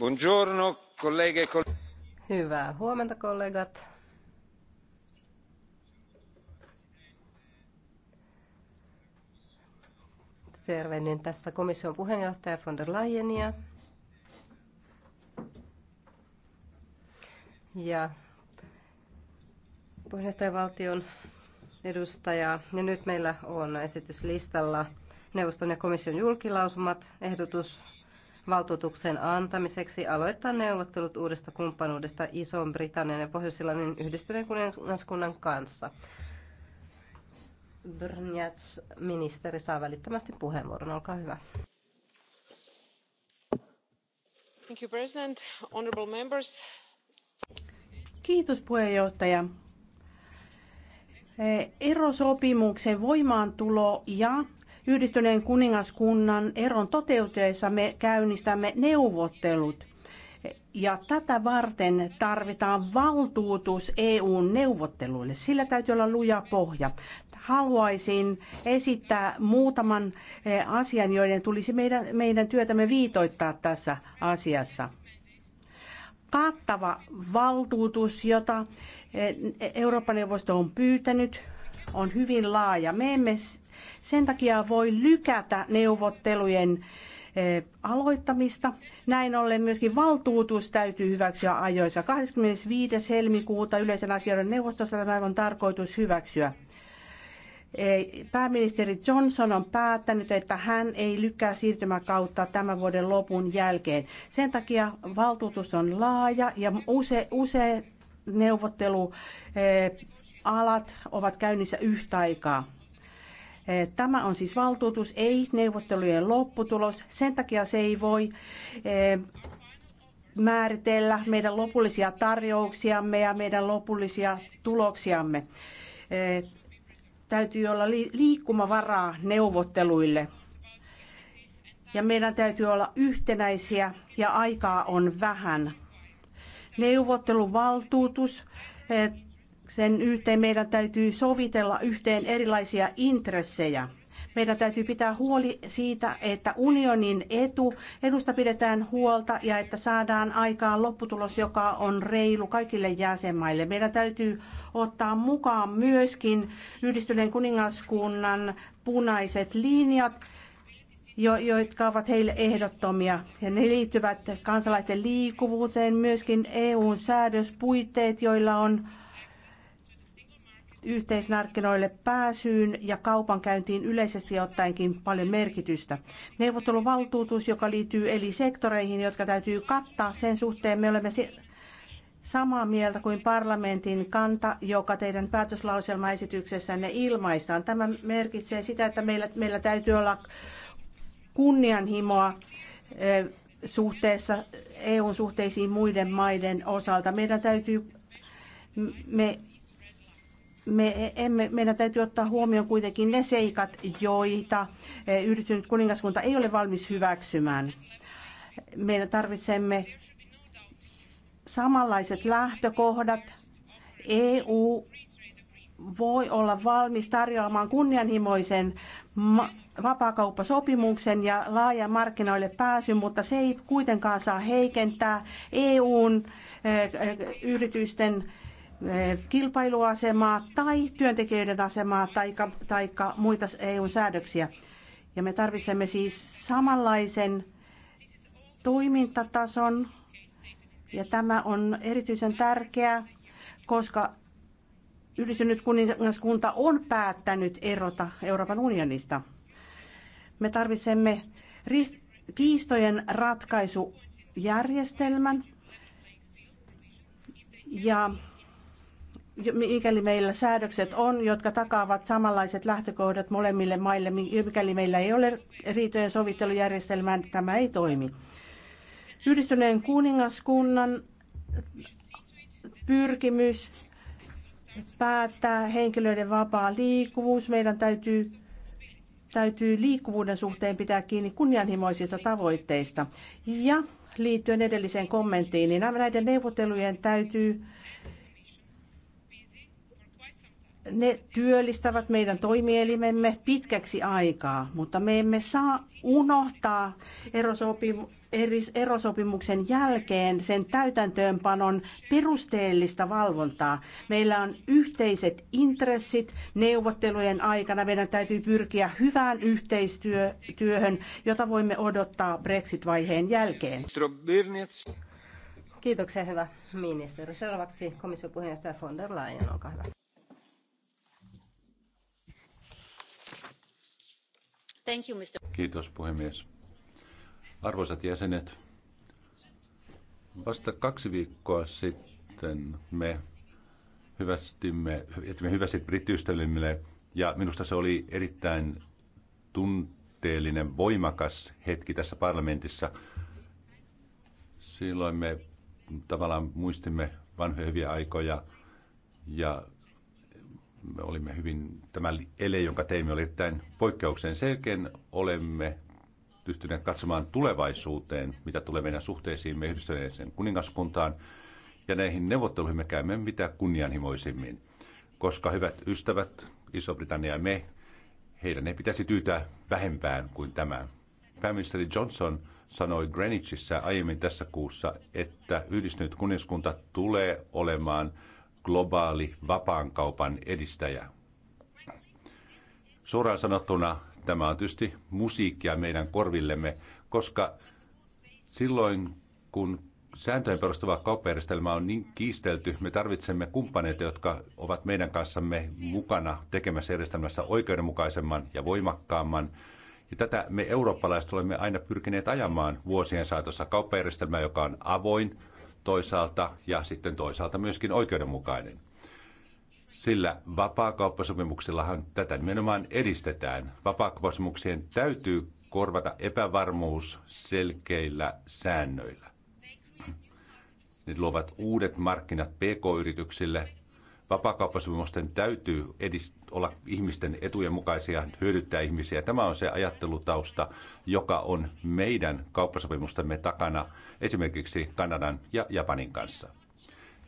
E Hyvää huomenta, kollegat. Tervehdin tässä komission puheenjohtaja von der Leyenia. Ja puheenjohtajavaltion edustajaa. Ja nyt meillä on esityslistalla neuvoston ja komission julkilausumat, ehdotus valtuutuksen antamiseksi aloittaa neuvottelut uudesta kumppanuudesta Ison-Britannian ja pohjois yhdistyneen kuningaskunnan kanssa. Brnjats ministeri saa välittömästi puheenvuoron. Olkaa hyvä. Thank you, President. Honorable members. Kiitos puheenjohtaja. Eh, erosopimuksen voimaantulo ja Yhdistyneen kuningaskunnan eron toteutuessa me käynnistämme neuvottelut. Ja tätä varten tarvitaan valtuutus EUn neuvotteluille. Sillä täytyy olla luja pohja. Haluaisin esittää muutaman eh, asian, joiden tulisi meidän, meidän työtämme viitoittaa tässä asiassa kattava valtuutus, jota eh, Euroopan neuvosto on pyytänyt, on hyvin laaja. Me emme sen takia voi lykätä neuvottelujen eh, aloittamista. Näin ollen myöskin valtuutus täytyy hyväksyä ajoissa. 25. helmikuuta yleisen asioiden neuvostossa tämä on tarkoitus hyväksyä. Eh, pääministeri Johnson on päättänyt, että hän ei lykkää siirtymäkautta tämän vuoden lopun jälkeen. Sen takia valtuutus on laaja ja use, use eh, alat ovat käynnissä yhtä aikaa. Eh, tämä on siis valtuutus, ei neuvottelujen lopputulos. Sen takia se ei voi eh, määritellä meidän lopullisia tarjouksiamme ja meidän lopullisia tuloksiamme. Eh, täytyy olla liikkumavaraa neuvotteluille. Ja meidän täytyy olla yhtenäisiä ja aikaa on vähän. Neuvotteluvaltuutus sen yhteen meidän täytyy sovitella yhteen erilaisia intressejä. Meidän täytyy pitää huoli siitä, että unionin etu, edusta pidetään huolta ja että saadaan aikaan lopputulos, joka on reilu kaikille jäsenmaille. Meidän täytyy ottaa mukaan myöskin yhdistyneen kuningaskunnan punaiset linjat, jo, jotka ovat heille ehdottomia. Ja ne liittyvät kansalaisten liikkuvuuteen, myöskin EUn säädöspuitteet, joilla on yhteismarkkinoille pääsyyn ja kaupankäyntiin yleisesti ottaenkin paljon merkitystä. Neuvotteluvaltuutus, joka liittyy eli sektoreihin, jotka täytyy kattaa sen suhteen, me olemme samaa mieltä kuin parlamentin kanta, joka teidän päätöslauselmaesityksessänne ilmaistaan. Tämä merkitsee sitä, että meillä, meillä täytyy olla kunnianhimoa suhteessa eu suhteisiin muiden maiden osalta. Meidän täytyy, me me emme, meidän täytyy ottaa huomioon kuitenkin ne seikat, joita eh, yhdistynyt kuningaskunta ei ole valmis hyväksymään. Meidän tarvitsemme samanlaiset lähtökohdat. EU voi olla valmis tarjoamaan kunnianhimoisen vapaakauppasopimuksen ja laajan markkinoille pääsyn, mutta se ei kuitenkaan saa heikentää EUn eh, eh, yritysten Eh, kilpailuasemaa tai työntekijöiden asemaa tai muita EU-säädöksiä. Ja me tarvitsemme siis samanlaisen toimintatason, ja tämä on erityisen tärkeää, koska yhdistynyt kuningaskunta on päättänyt erota Euroopan unionista. Me tarvitsemme kiistojen ratkaisujärjestelmän, ja mikäli meillä säädökset on, jotka takaavat samanlaiset lähtökohdat molemmille maille, mikäli meillä ei ole riitojen sovittelujärjestelmää, niin tämä ei toimi. Yhdistyneen kuningaskunnan pyrkimys päättää henkilöiden vapaa liikkuvuus. Meidän täytyy, täytyy liikkuvuuden suhteen pitää kiinni kunnianhimoisista tavoitteista. Ja liittyen edelliseen kommenttiin, niin näiden neuvottelujen täytyy ne työllistävät meidän toimielimemme pitkäksi aikaa, mutta me emme saa unohtaa erosopimuksen jälkeen sen täytäntöönpanon perusteellista valvontaa. Meillä on yhteiset intressit neuvottelujen aikana. Meidän täytyy pyrkiä hyvään yhteistyöhön, jota voimme odottaa Brexit-vaiheen jälkeen. Kiitoksia, hyvä ministeri. Seuraavaksi komission puheenjohtaja von der Leyen, olkaa hyvä. Thank you, Mr. Kiitos puhemies. Arvoisat jäsenet, vasta kaksi viikkoa sitten me hyvästimme, että me hyvästi brittiystäville ja minusta se oli erittäin tunteellinen, voimakas hetki tässä parlamentissa. Silloin me tavallaan muistimme vanhoja hyviä aikoja ja me olimme hyvin, tämä ele, jonka teimme, oli erittäin poikkeuksen selkeän. Olemme pystyneet katsomaan tulevaisuuteen, mitä tulee meidän suhteisiimme yhdistyneeseen kuningaskuntaan. Ja näihin neuvotteluihin me käymme mitä kunnianhimoisimmin. Koska hyvät ystävät, Iso-Britannia ja me, heidän ei pitäisi tyytää vähempään kuin tämä. Pääministeri Johnson sanoi Greenwichissä aiemmin tässä kuussa, että yhdistynyt kuningaskunta tulee olemaan – globaali vapaan kaupan edistäjä. Suoraan sanottuna tämä on tietysti musiikkia meidän korvillemme, koska silloin kun sääntöjen perustuva kauppajärjestelmä on niin kiistelty, me tarvitsemme kumppaneita, jotka ovat meidän kanssamme mukana tekemässä järjestelmässä oikeudenmukaisemman ja voimakkaamman. Ja tätä me eurooppalaiset olemme aina pyrkineet ajamaan vuosien saatossa kauppajärjestelmää, joka on avoin, toisaalta ja sitten toisaalta myöskin oikeudenmukainen. Sillä vapaakauppasopimuksillahan tätä nimenomaan edistetään. Vapaakauppasopimuksien täytyy korvata epävarmuus selkeillä säännöillä. Ne luovat uudet markkinat pk-yrityksille vapakauppasopimusten täytyy edist- olla ihmisten etujen mukaisia, hyödyttää ihmisiä. Tämä on se ajattelutausta, joka on meidän kauppasopimustamme takana esimerkiksi Kanadan ja Japanin kanssa.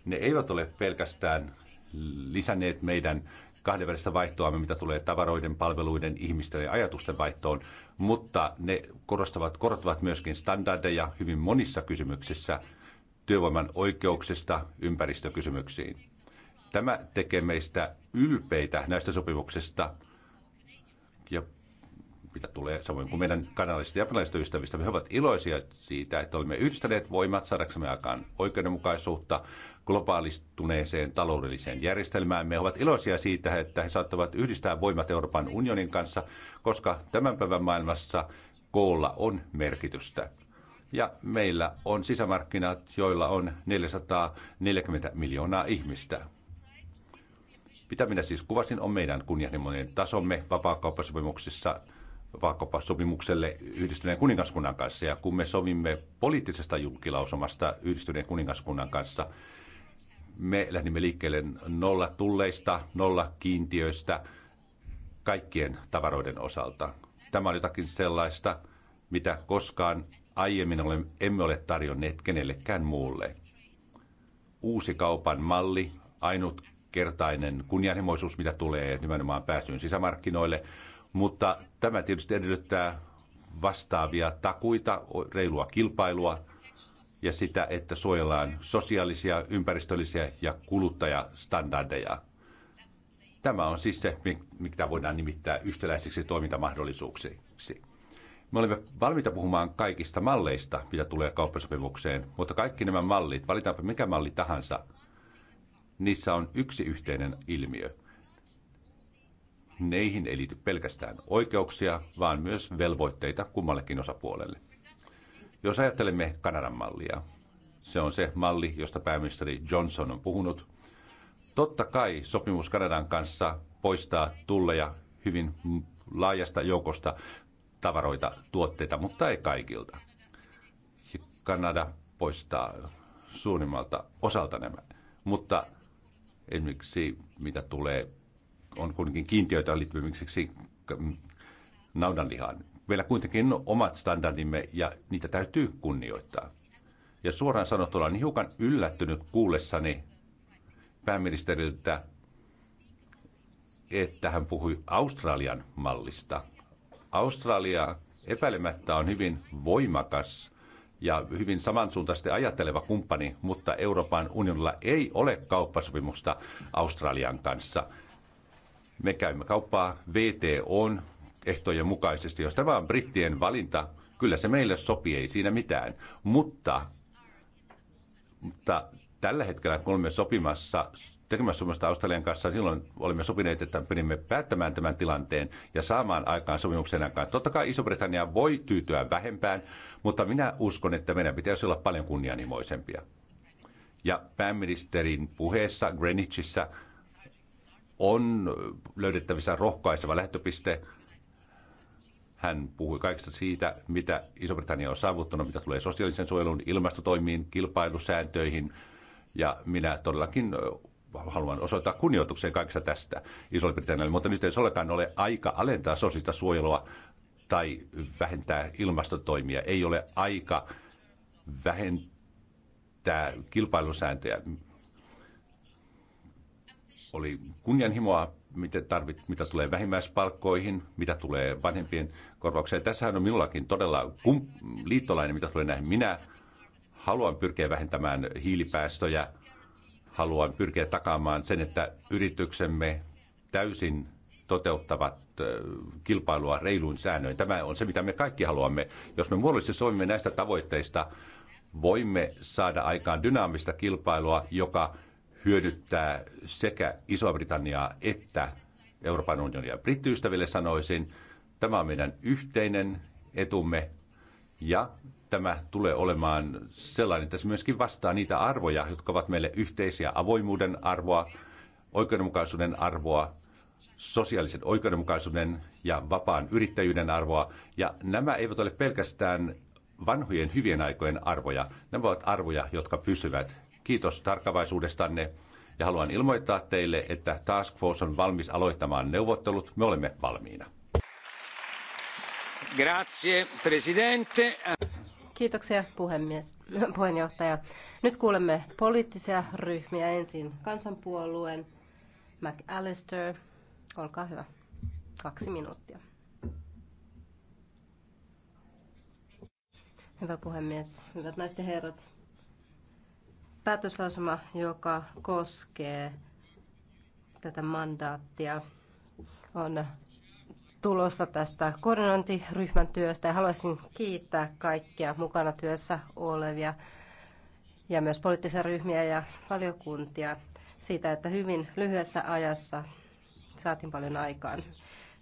Ne eivät ole pelkästään lisänneet meidän kahdenvälistä vaihtoa, mitä tulee tavaroiden, palveluiden, ihmisten ja ajatusten vaihtoon, mutta ne korostavat, korottavat myöskin standardeja hyvin monissa kysymyksissä, työvoiman oikeuksista ympäristökysymyksiin. Tämä tekee meistä ylpeitä näistä sopimuksista ja mitä tulee samoin kuin meidän kanalista japanilaisista ystävistä. He ovat iloisia siitä, että olemme yhdistäneet voimat saadaksemme aikaan oikeudenmukaisuutta globaalistuneeseen taloudelliseen järjestelmään. Me ovat iloisia siitä, että he saattavat yhdistää voimat Euroopan unionin kanssa, koska tämän päivän maailmassa koolla on merkitystä. Ja meillä on sisämarkkinat, joilla on 440 miljoonaa ihmistä. Mitä minä siis kuvasin, on meidän kunnianhimoinen tasomme vapaakauppasopimuksissa vapaakauppasopimukselle yhdistyneen kuningaskunnan kanssa. Ja kun me sovimme poliittisesta julkilausumasta yhdistyneen kuningaskunnan kanssa, me lähdimme liikkeelle nolla tulleista, nolla kiintiöistä kaikkien tavaroiden osalta. Tämä on jotakin sellaista, mitä koskaan aiemmin emme ole tarjonneet kenellekään muulle. Uusi kaupan malli, ainut kertainen kunnianhimoisuus, mitä tulee nimenomaan pääsyyn sisämarkkinoille, mutta tämä tietysti edellyttää vastaavia takuita, reilua kilpailua ja sitä, että suojellaan sosiaalisia, ympäristöllisiä ja kuluttajastandardeja. Tämä on siis se, mitä voidaan nimittää yhtäläiseksi toimintamahdollisuuksiksi. Me olemme valmiita puhumaan kaikista malleista, mitä tulee kauppasopimukseen, mutta kaikki nämä mallit, valitaanpa mikä malli tahansa, Niissä on yksi yhteinen ilmiö. Neihin ei liity pelkästään oikeuksia, vaan myös velvoitteita kummallekin osapuolelle. Jos ajattelemme Kanadan mallia, se on se malli, josta pääministeri Johnson on puhunut. Totta kai sopimus Kanadan kanssa poistaa tulleja hyvin laajasta joukosta tavaroita, tuotteita, mutta ei kaikilta. Kanada poistaa suurimmalta osalta nämä. Mutta esimerkiksi mitä tulee, on kuitenkin kiintiöitä liittyviksi naudanlihaan. Meillä kuitenkin on omat standardimme ja niitä täytyy kunnioittaa. Ja suoraan sanottuna olen hiukan yllättynyt kuullessani pääministeriltä, että hän puhui Australian mallista. Australia epäilemättä on hyvin voimakas ja hyvin samansuuntaisesti ajatteleva kumppani, mutta Euroopan unionilla ei ole kauppasopimusta Australian kanssa. Me käymme kauppaa VTOn ehtojen mukaisesti. Jos tämä on brittien valinta, kyllä se meille sopii, ei siinä mitään. Mutta, mutta tällä hetkellä, kun olemme sopimassa tekemässä sopimusta Australian kanssa, silloin olimme sopineet, että pyrimme päättämään tämän tilanteen ja saamaan aikaan sopimuksen aikaan. Totta kai Iso-Britannia voi tyytyä vähempään, mutta minä uskon, että meidän pitäisi olla paljon kunnianhimoisempia. Ja pääministerin puheessa Greenwichissä on löydettävissä rohkaiseva lähtöpiste. Hän puhui kaikesta siitä, mitä Iso-Britannia on saavuttanut, mitä tulee sosiaalisen suojelun, ilmastotoimiin, kilpailusääntöihin. Ja minä todellakin äh, haluan osoittaa kunnioituksen kaikesta tästä Iso-Britannialle, mutta nyt ei olekaan ole aika alentaa sosiaalista suojelua tai vähentää ilmastotoimia. Ei ole aika vähentää kilpailusääntöjä. Oli kunnianhimoa, mitä, tarvit, mitä tulee vähimmäispalkkoihin, mitä tulee vanhempien korvaukseen. Tässähän on minullakin todella kum, liittolainen, mitä tulee näihin. Minä haluan pyrkiä vähentämään hiilipäästöjä, haluan pyrkiä takaamaan sen, että yrityksemme täysin toteuttavat kilpailua reiluin säännöin. Tämä on se, mitä me kaikki haluamme. Jos me muodollisesti soimme näistä tavoitteista, voimme saada aikaan dynaamista kilpailua, joka hyödyttää sekä Iso-Britanniaa että Euroopan unionia. Brittiystäville sanoisin, tämä on meidän yhteinen etumme ja tämä tulee olemaan sellainen, että se myöskin vastaa niitä arvoja, jotka ovat meille yhteisiä. Avoimuuden arvoa, oikeudenmukaisuuden arvoa, sosiaalisen oikeudenmukaisuuden ja vapaan yrittäjyyden arvoa. Ja nämä eivät ole pelkästään vanhojen hyvien aikojen arvoja. Nämä ovat arvoja, jotka pysyvät. Kiitos tarkkavaisuudestanne ja haluan ilmoittaa teille, että Task Force on valmis aloittamaan neuvottelut. Me olemme valmiina. Grazie, presidente. Kiitoksia puhemies, puheenjohtaja. Nyt kuulemme poliittisia ryhmiä ensin kansanpuolueen McAllister, Olkaa hyvä. Kaksi minuuttia. Hyvä puhemies, hyvät naiset ja herrat. Päätöslausuma, joka koskee tätä mandaattia, on tulosta tästä koordinointiryhmän työstä. Ja haluaisin kiittää kaikkia mukana työssä olevia ja myös poliittisia ryhmiä ja valiokuntia siitä, että hyvin lyhyessä ajassa saatiin paljon aikaan.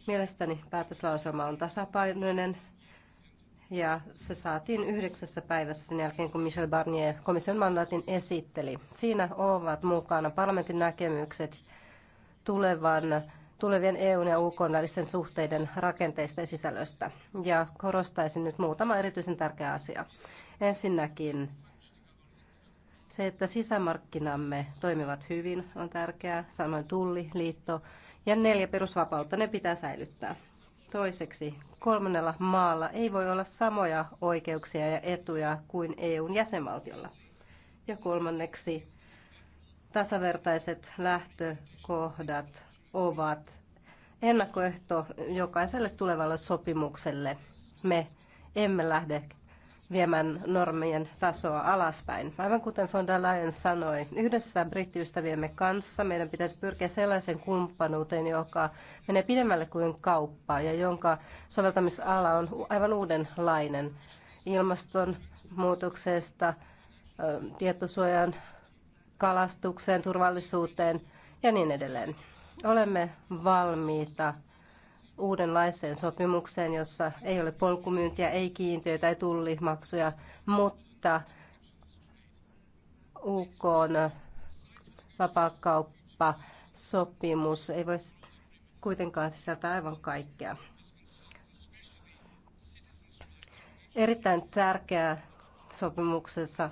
Mielestäni päätöslauselma on tasapainoinen ja se saatiin yhdeksässä päivässä sen jälkeen, kun Michel Barnier komission mandaatin esitteli. Siinä ovat mukana parlamentin näkemykset tulevan, tulevien EUn ja UK välisten suhteiden rakenteista ja sisällöstä. Ja korostaisin nyt muutama erityisen tärkeä asia. Ensinnäkin se, että sisämarkkinamme toimivat hyvin, on tärkeää. Samoin tulli, liitto ja neljä perusvapautta, ne pitää säilyttää. Toiseksi, kolmannella maalla ei voi olla samoja oikeuksia ja etuja kuin EUn jäsenvaltiolla. Ja kolmanneksi, tasavertaiset lähtökohdat ovat ennakkoehto jokaiselle tulevalle sopimukselle. Me emme lähde viemään normien tasoa alaspäin. Aivan kuten von der Leyen sanoi, yhdessä brittiystäviemme kanssa meidän pitäisi pyrkiä sellaisen kumppanuuteen, joka menee pidemmälle kuin kauppa ja jonka soveltamisala on aivan uudenlainen ilmastonmuutoksesta, tietosuojan kalastukseen, turvallisuuteen ja niin edelleen. Olemme valmiita uudenlaiseen sopimukseen, jossa ei ole polkumyyntiä, ei kiintiöitä, ei tullimaksuja, mutta UK on vapaakauppasopimus ei voi kuitenkaan sisältää aivan kaikkea. Erittäin tärkeää sopimuksessa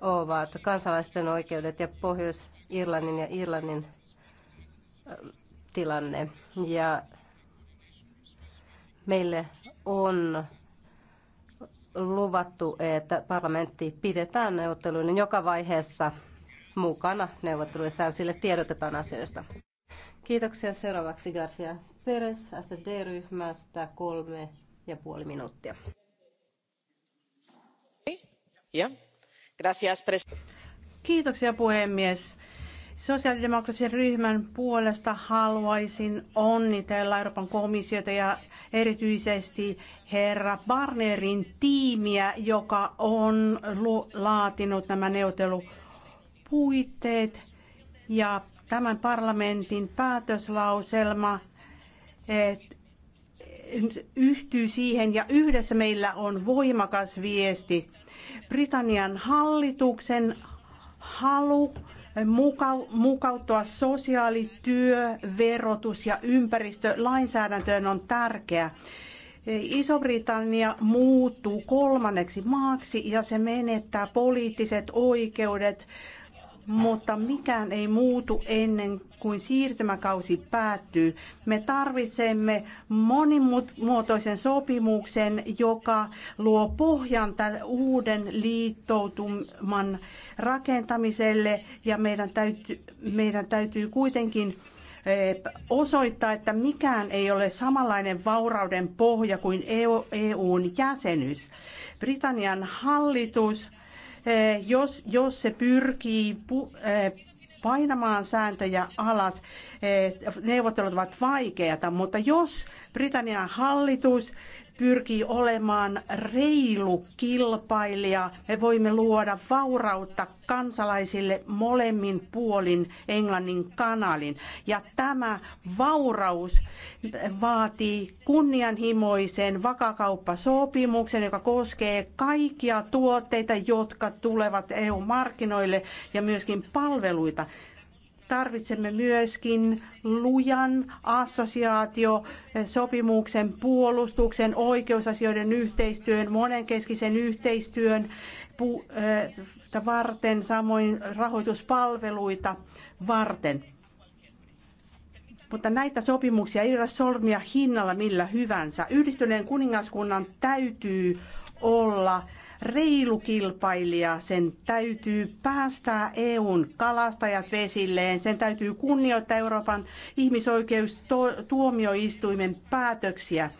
ovat kansalaisten oikeudet ja Pohjois-Irlannin ja Irlannin tilanne. Ja Meille on luvattu, että parlamentti pidetään neuvotteluiden joka vaiheessa mukana neuvotteluissa ja sille tiedotetaan asioista. Kiitoksia. Seuraavaksi Garcia Perez SD-ryhmästä kolme ja puoli minuuttia. Kiitoksia puhemies Sosiaalidemokraattisen ryhmän puolesta haluaisin onnitella Euroopan komissiota ja erityisesti herra Barnerin tiimiä, joka on laatinut nämä neuvottelupuitteet ja tämän parlamentin päätöslauselma yhtyy siihen ja yhdessä meillä on voimakas viesti. Britannian hallituksen halu mukautua sosiaalityö, verotus ja ympäristölainsäädäntöön on tärkeä. Iso-Britannia muuttuu kolmanneksi maaksi ja se menettää poliittiset oikeudet, mutta mikään ei muutu ennen kuin siirtymäkausi päättyy. Me tarvitsemme monimuotoisen sopimuksen, joka luo pohjan tämän uuden liittoutuman rakentamiselle ja meidän täytyy, meidän täytyy kuitenkin eh, osoittaa, että mikään ei ole samanlainen vaurauden pohja kuin EUn e jäsenyys. Britannian hallitus Eh, jos, jos se pyrkii eh, painamaan sääntöjä alas. Eh, neuvottelut ovat vaikeita, mutta jos Britannian hallitus pyrkii olemaan reilu kilpailija. Me voimme luoda vaurautta kansalaisille molemmin puolin Englannin kanalin. Ja tämä vauraus vaatii kunnianhimoisen vakakauppasopimuksen, joka koskee kaikkia tuotteita, jotka tulevat EU-markkinoille ja myöskin palveluita. Tarvitsemme myöskin lujan assosiaatiosopimuksen puolustuksen, oikeusasioiden yhteistyön, monenkeskisen yhteistyön äh, varten, samoin rahoituspalveluita varten. Mutta näitä sopimuksia ei ole solmia hinnalla millä hyvänsä. Yhdistyneen kuningaskunnan täytyy olla reilu kilpailija. Sen täytyy päästää EUn kalastajat vesilleen. Sen täytyy kunnioittaa Euroopan ihmisoikeustuomioistuimen päätöksiä.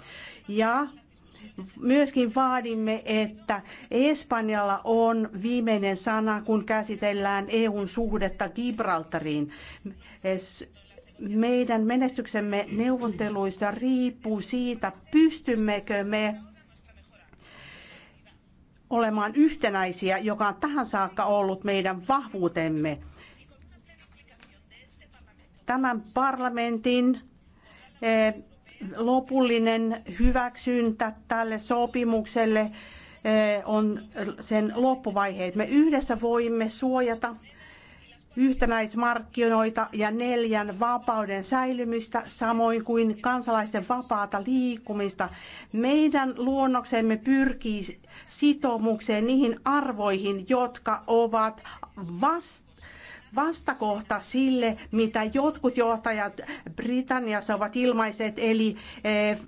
Ja myöskin vaadimme, että Espanjalla on viimeinen sana, kun käsitellään EUn suhdetta Gibraltariin. Meidän menestyksemme neuvotteluista riippuu siitä, pystymmekö me olemaan yhtenäisiä, joka on tähän saakka ollut meidän vahvuutemme. Tämän parlamentin eh, lopullinen hyväksyntä tälle sopimukselle eh, on sen loppuvaiheet. Me yhdessä voimme suojata yhtenäismarkkinoita ja neljän vapauden säilymistä, samoin kuin kansalaisten vapaata liikkumista. Meidän luonnoksemme pyrkii sitoumukseen, niihin arvoihin, jotka ovat vasta vastakohta sille, mitä jotkut johtajat Britanniassa ovat ilmaiset, eli eh,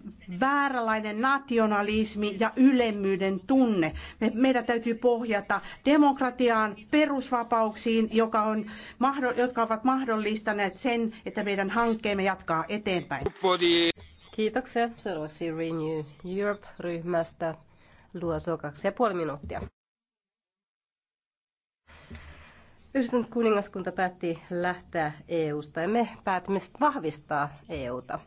vääränlainen nationalismi ja ylemmyyden tunne. Me, meidän täytyy pohjata demokratiaan, perusvapauksiin, joka on, jotka ovat mahdollistaneet sen, että meidän hankkeemme jatkaa eteenpäin. Kiitoksia. Seuraavaksi Renew Europe-ryhmästä Luoso, kaksi ja puoli minuuttia. Yhdistynyt kuningaskunta päätti lähteä EUsta ja me päätimme vahvistaa EUta.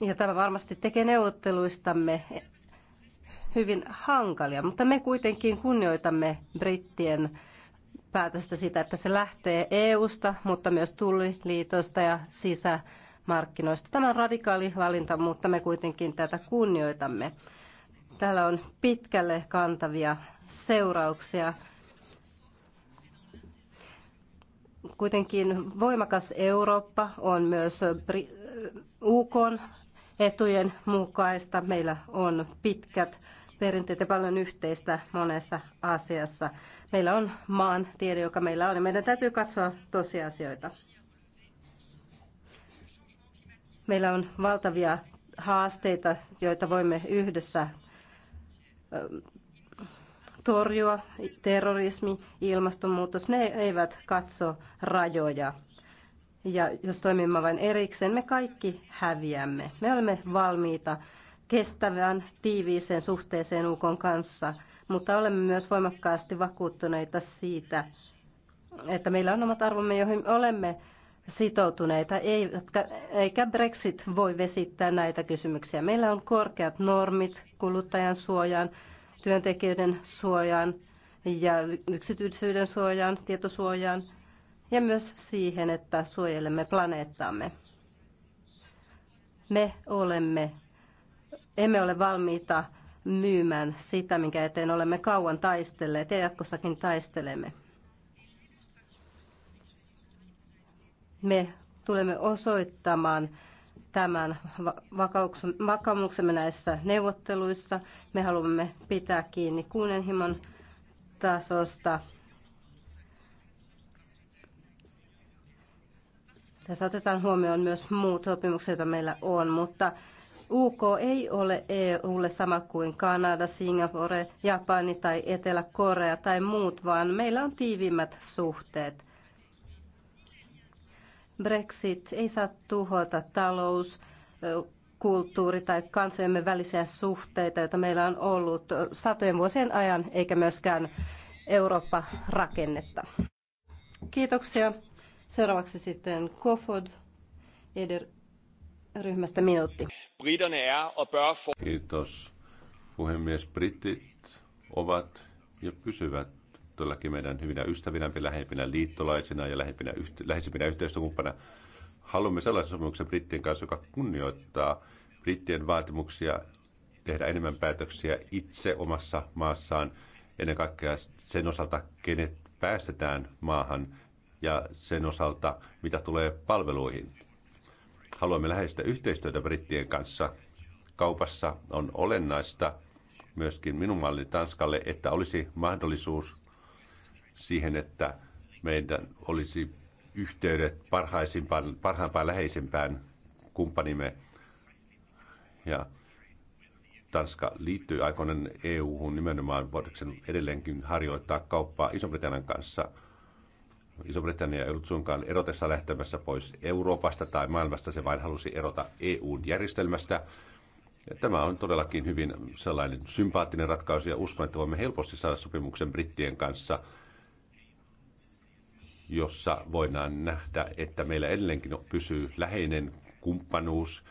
Ja tämä varmasti tekee neuvotteluistamme hyvin hankalia, mutta me kuitenkin kunnioitamme brittien päätöstä sitä, että se lähtee EUsta, mutta myös tulliliitosta ja sisä- markkinoista. Tämä on radikaali valinta, mutta me kuitenkin tätä kunnioitamme. Täällä on pitkälle kantavia seurauksia. Kuitenkin voimakas Eurooppa on myös UK etujen mukaista. Meillä on pitkät perinteet ja paljon yhteistä monessa asiassa. Meillä on maan tiede, joka meillä on, ja meidän täytyy katsoa tosiasioita. Meillä on valtavia haasteita, joita voimme yhdessä torjua. Terrorismi, ilmastonmuutos, ne eivät katso rajoja. Ja jos toimimme vain erikseen, me kaikki häviämme. Me olemme valmiita kestävään, tiiviiseen suhteeseen UK kanssa, mutta olemme myös voimakkaasti vakuuttuneita siitä, että meillä on omat arvomme, joihin olemme sitoutuneita, eivätkä, eikä Brexit voi vesittää näitä kysymyksiä. Meillä on korkeat normit kuluttajan suojaan, työntekijöiden suojaan ja yksityisyyden suojaan, tietosuojaan ja myös siihen, että suojelemme planeettaamme. Me olemme, emme ole valmiita myymään sitä, minkä eteen olemme kauan taistelleet ja jatkossakin taistelemme. Me tulemme osoittamaan tämän vakaumuksemme näissä neuvotteluissa. Me haluamme pitää kiinni kunnianhimon tasosta. Tässä otetaan huomioon myös muut sopimukset, joita meillä on, mutta UK ei ole EUlle sama kuin Kanada, Singapore, Japani tai Etelä-Korea tai muut, vaan meillä on tiiviimmät suhteet – Brexit ei saa tuhota talous, kulttuuri- tai kansojemme välisiä suhteita, joita meillä on ollut satojen vuosien ajan, eikä myöskään Eurooppa-rakennetta. Kiitoksia. Seuraavaksi sitten Kofod Eder ryhmästä minuutti. Er Kiitos. Puhemies, britit ovat ja pysyvät todellakin meidän hyvinä ystävinämme, lähempinä liittolaisina ja lähempinä, läheisimpinä yhteistyökumppana. Haluamme sellaisen sopimuksen brittien kanssa, joka kunnioittaa brittien vaatimuksia tehdä enemmän päätöksiä itse omassa maassaan, ennen kaikkea sen osalta, kenet päästetään maahan ja sen osalta, mitä tulee palveluihin. Haluamme läheistä yhteistyötä brittien kanssa. Kaupassa on olennaista myöskin minun malli Tanskalle, että olisi mahdollisuus siihen, että meidän olisi yhteydet parhaisimpaan, parhaimpaan läheisimpään kumppanimme. Ja Tanska liittyy aikoinen EU-hun nimenomaan voidakseen edelleenkin harjoittaa kauppaa Iso-Britannian kanssa. Iso-Britannia ei ollut suinkaan erotessa lähtemässä pois Euroopasta tai maailmasta, se vain halusi erota EU-järjestelmästä. Ja tämä on todellakin hyvin sellainen sympaattinen ratkaisu ja uskon, että voimme helposti saada sopimuksen brittien kanssa – jossa voidaan nähdä, että meillä edelleenkin pysyy läheinen kumppanuus,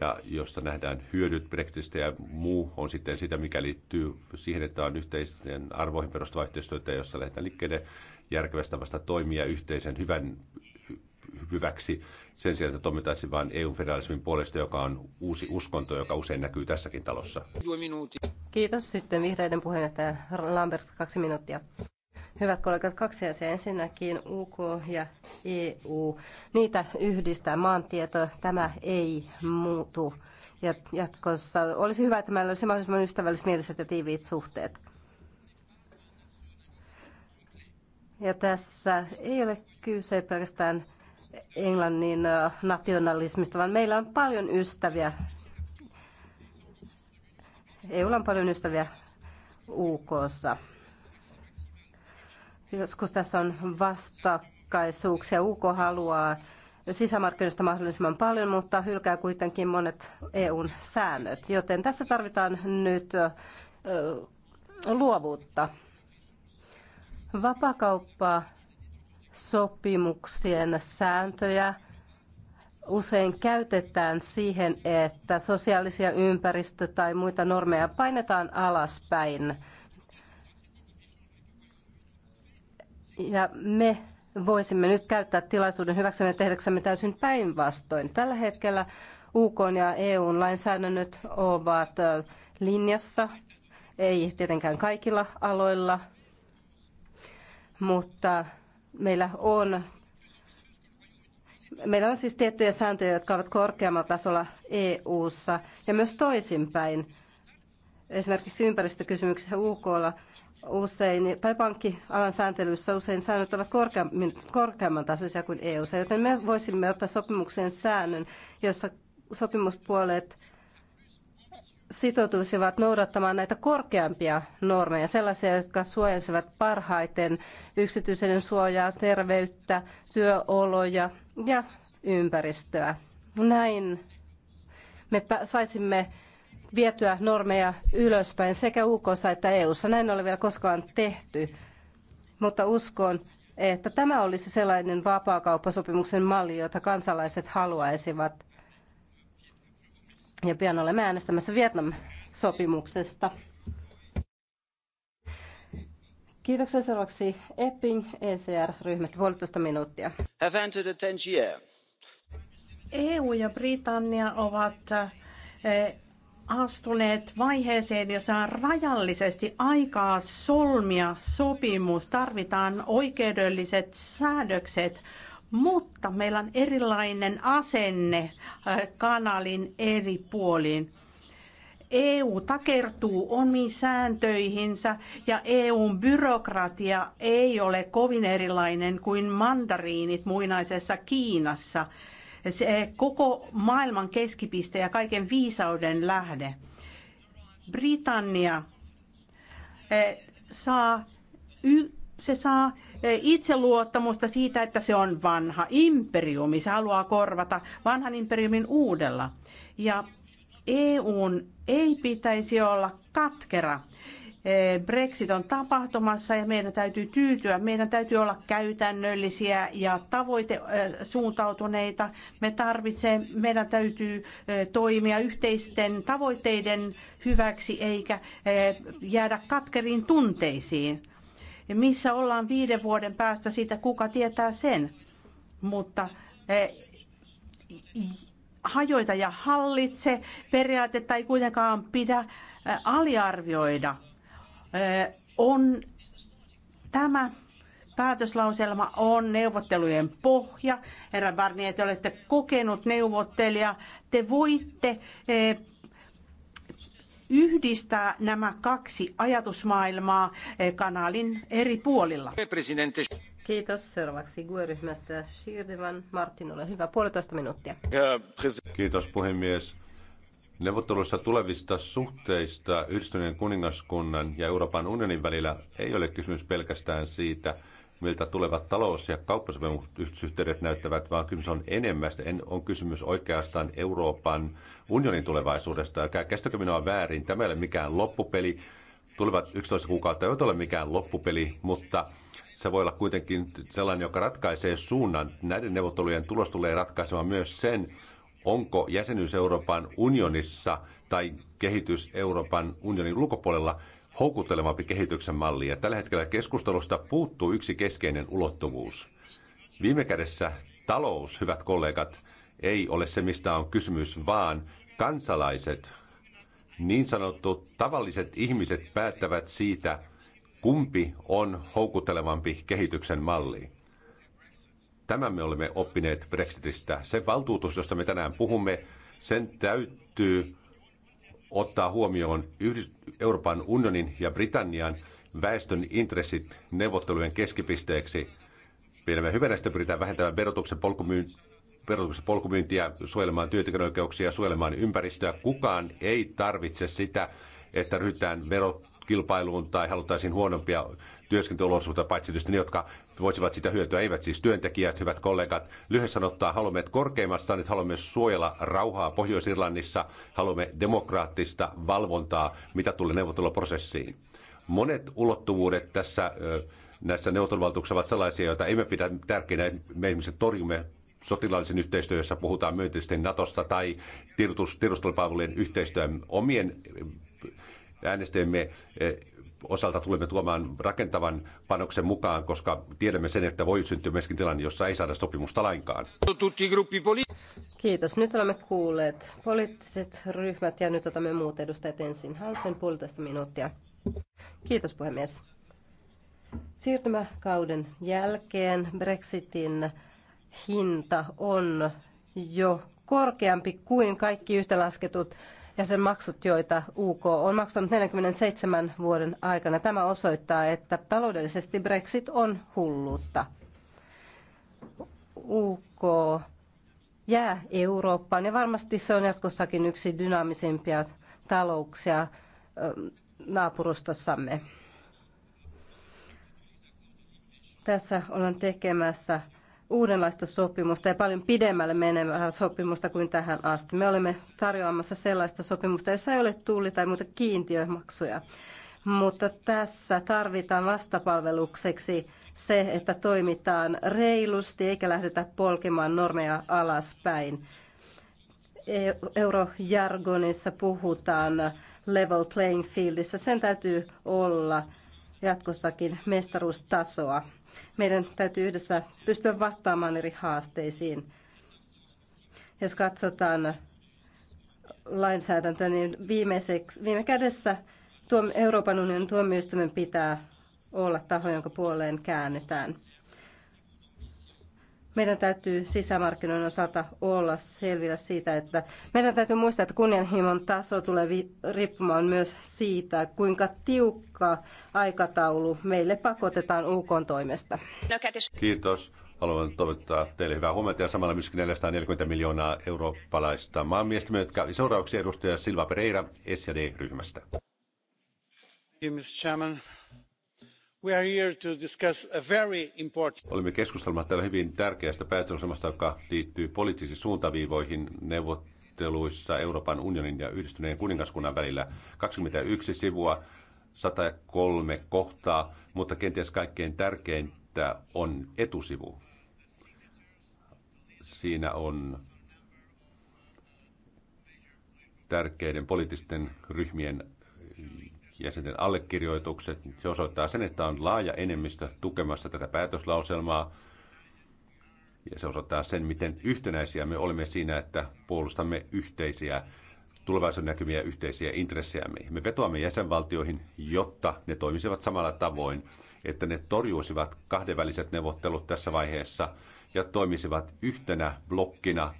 ja josta nähdään hyödyt Brexitistä ja muu on sitten sitä, mikä liittyy siihen, että on yhteisten arvoihin perustuva yhteistyötä, jossa lähdetään liikkeelle järkevästä vasta toimia yhteisen hyvän hyväksi sen sijaan, että toimitaisiin vain EU-federalismin puolesta, joka on uusi uskonto, joka usein näkyy tässäkin talossa. Kiitos. Sitten vihreiden puheenjohtaja Lambert, kaksi minuuttia. Hyvät kollegat, kaksi asiaa. Ensinnäkin UK ja EU. Niitä yhdistää maantieto. Tämä ei muutu ja jatkossa. Olisi hyvä, että meillä olisi mahdollisimman ystävällismieliset ja tiiviit suhteet. Ja tässä ei ole kyse pelkästään Englannin äh, nationalismista, vaan meillä on paljon ystäviä. EUlla on paljon ystäviä UKssa. Joskus tässä on vastakkaisuuksia. UK haluaa sisämarkkinoista mahdollisimman paljon, mutta hylkää kuitenkin monet EUn säännöt. Joten tässä tarvitaan nyt luovuutta. Vapakauppa sopimuksien sääntöjä usein käytetään siihen, että sosiaalisia ympäristö- tai muita normeja painetaan alaspäin Ja me voisimme nyt käyttää tilaisuuden hyväksemme tehdäksemme täysin päinvastoin. Tällä hetkellä UK ja EUn lainsäädännöt ovat linjassa, ei tietenkään kaikilla aloilla, mutta meillä on Meillä on siis tiettyjä sääntöjä, jotka ovat korkeammalla tasolla EU-ssa ja myös toisinpäin. Esimerkiksi ympäristökysymyksissä UKlla usein, tai pankkialan sääntelyssä usein säännöt ovat korkeammin, korkeamman tasoisia kuin eu joten me voisimme ottaa sopimukseen säännön, jossa sopimuspuolet sitoutuisivat noudattamaan näitä korkeampia normeja, sellaisia, jotka suojelisivat parhaiten yksityisen suojaa, terveyttä, työoloja ja ympäristöä. Näin me saisimme vietyä normeja ylöspäin sekä UK että EUssa. Näin ei ole vielä koskaan tehty, mutta uskon, että tämä olisi sellainen vapaakauppasopimuksen malli, jota kansalaiset haluaisivat. Ja pian olemme äänestämässä Vietnam-sopimuksesta. Kiitoksia seuraavaksi Epping ECR-ryhmästä puolitoista minuuttia. EU e ja Britannia ovat eh, astuneet vaiheeseen, jossa on rajallisesti aikaa solmia sopimus. Tarvitaan oikeudelliset säädökset, mutta meillä on erilainen asenne äh, kanalin eri puoliin. EU takertuu omiin sääntöihinsä ja EUn byrokratia ei ole kovin erilainen kuin mandariinit muinaisessa Kiinassa – se koko maailman keskipiste ja kaiken viisauden lähde. Britannia eh, saa, se saa eh, itseluottamusta siitä, että se on vanha imperiumi. Se haluaa korvata vanhan imperiumin uudella. Ja EUn ei pitäisi olla katkera. Eh, Brexit on tapahtumassa ja meidän täytyy tyytyä. Meidän täytyy olla käytännöllisiä ja tavoitesuuntautuneita. Eh, Me tarvitsee, meidän täytyy eh, toimia yhteisten tavoitteiden hyväksi eikä jäädä katkeriin tunteisiin. Ja missä ollaan viiden vuoden päästä, siitä kuka tietää sen. Mutta hajoita ja hallitse periaatetta ei kuitenkaan pidä aliarvioida – on tämä päätöslauselma on neuvottelujen pohja. Herra Barnier, te olette kokenut neuvottelija. Te voitte yhdistää nämä kaksi ajatusmaailmaa kanalin eri puolilla. Kiitos. Seuraavaksi GUE-ryhmästä Shirdevan. Martin, ole hyvä. Puolitoista minuuttia. Kiitos puhemies. Neuvotteluissa tulevista suhteista Yhdistyneen kuningaskunnan ja Euroopan unionin välillä ei ole kysymys pelkästään siitä, miltä tulevat talous- ja kauppasopimusyhteydet näyttävät, vaan kysymys on enemmästä. En, on kysymys oikeastaan Euroopan unionin tulevaisuudesta. Älkää kestäkö minua väärin. Tämä ei ole mikään loppupeli. Tulevat 11 kuukautta ei ole mikään loppupeli, mutta se voi olla kuitenkin sellainen, joka ratkaisee suunnan. Näiden neuvottelujen tulos tulee ratkaisemaan myös sen, onko jäsenyys Euroopan unionissa tai kehitys Euroopan unionin ulkopuolella houkuttelevampi kehityksen malli. Ja tällä hetkellä keskustelusta puuttuu yksi keskeinen ulottuvuus. Viime kädessä talous, hyvät kollegat, ei ole se, mistä on kysymys, vaan kansalaiset, niin sanottu tavalliset ihmiset päättävät siitä, kumpi on houkuttelevampi kehityksen malli. Tämän me olemme oppineet Brexitistä. Se valtuutus, josta me tänään puhumme, sen täytyy ottaa huomioon Euroopan unionin ja Britannian väestön intressit neuvottelujen keskipisteeksi. Pidämme hyvänä, että pyritään vähentämään verotuksen polkumyyntiä verotuksen polkumyyntiä, suojelemaan työntekijänoikeuksia, suojelemaan ympäristöä. Kukaan ei tarvitse sitä, että ryhdytään verokilpailuun tai haluttaisiin huonompia työskentelyolosuhteita, paitsi tietysti ne, jotka voisivat sitä hyötyä, eivät siis työntekijät, hyvät kollegat. Lyhyesti sanottuna haluamme, että korkeimmasta nyt haluamme suojella rauhaa Pohjois-Irlannissa, haluamme demokraattista valvontaa, mitä tulee neuvotteluprosessiin. Monet ulottuvuudet tässä näissä neuvotteluvaltuuksissa ovat sellaisia, joita emme pidä tärkeinä. Me ihmiset torjumme sotilaallisen yhteistyön, jossa puhutaan myönteisesti Natosta tai tiedustelupalvelujen yhteistyön omien äänestäjämme osalta tulemme tuomaan rakentavan panoksen mukaan, koska tiedämme sen, että voi syntyä myöskin tilanne, jossa ei saada sopimusta lainkaan. Kiitos. Nyt olemme kuulleet poliittiset ryhmät ja nyt otamme muut edustajat ensin. Hansen puolitoista minuuttia. Kiitos puhemies. Siirtymäkauden jälkeen Brexitin hinta on jo korkeampi kuin kaikki yhtälasketut lasketut Jäsenmaksut joita UK on maksanut 47 vuoden aikana. Tämä osoittaa, että taloudellisesti Brexit on hulluutta. UK jää Eurooppaan ja varmasti se on jatkossakin yksi dynaamisimpia talouksia naapurustossamme. Tässä ollaan tekemässä uudenlaista sopimusta ja paljon pidemmälle menevää sopimusta kuin tähän asti. Me olemme tarjoamassa sellaista sopimusta, jossa ei ole tulli tai muuta kiintiömaksuja. Mutta tässä tarvitaan vastapalvelukseksi se, että toimitaan reilusti eikä lähdetä polkemaan normeja alaspäin. Eurojargonissa puhutaan level playing fieldissä. Sen täytyy olla jatkossakin mestaruustasoa meidän täytyy yhdessä pystyä vastaamaan eri haasteisiin. Jos katsotaan lainsäädäntöä, niin viime kädessä Euroopan unionin tuomioistuimen pitää olla taho, jonka puoleen käännetään. Meidän täytyy sisämarkkinoiden osalta olla selvillä siitä, että meidän täytyy muistaa, että kunnianhimon taso tulee riippumaan myös siitä, kuinka tiukka aikataulu meille pakotetaan UK toimesta. Kiitos. Haluan toivottaa teille hyvää huomenta ja samalla myöskin 440 miljoonaa eurooppalaista maanmiestä, jotka seuraavaksi edustaja Silva Pereira SD-ryhmästä. Olemme keskustelemassa täällä hyvin tärkeästä päätöksestä, joka liittyy poliittisiin suuntaviivoihin neuvotteluissa Euroopan unionin ja yhdistyneen kuningaskunnan välillä. 21 sivua, 103 kohtaa, mutta kenties kaikkein tärkeintä on etusivu. Siinä on tärkeiden poliittisten ryhmien jäsenten allekirjoitukset. Se osoittaa sen, että on laaja enemmistö tukemassa tätä päätöslauselmaa. Ja se osoittaa sen, miten yhtenäisiä me olemme siinä, että puolustamme yhteisiä tulevaisuuden näkymiä yhteisiä intressejämme. Me vetoamme jäsenvaltioihin, jotta ne toimisivat samalla tavoin, että ne torjuisivat kahdenväliset neuvottelut tässä vaiheessa ja toimisivat yhtenä blokkina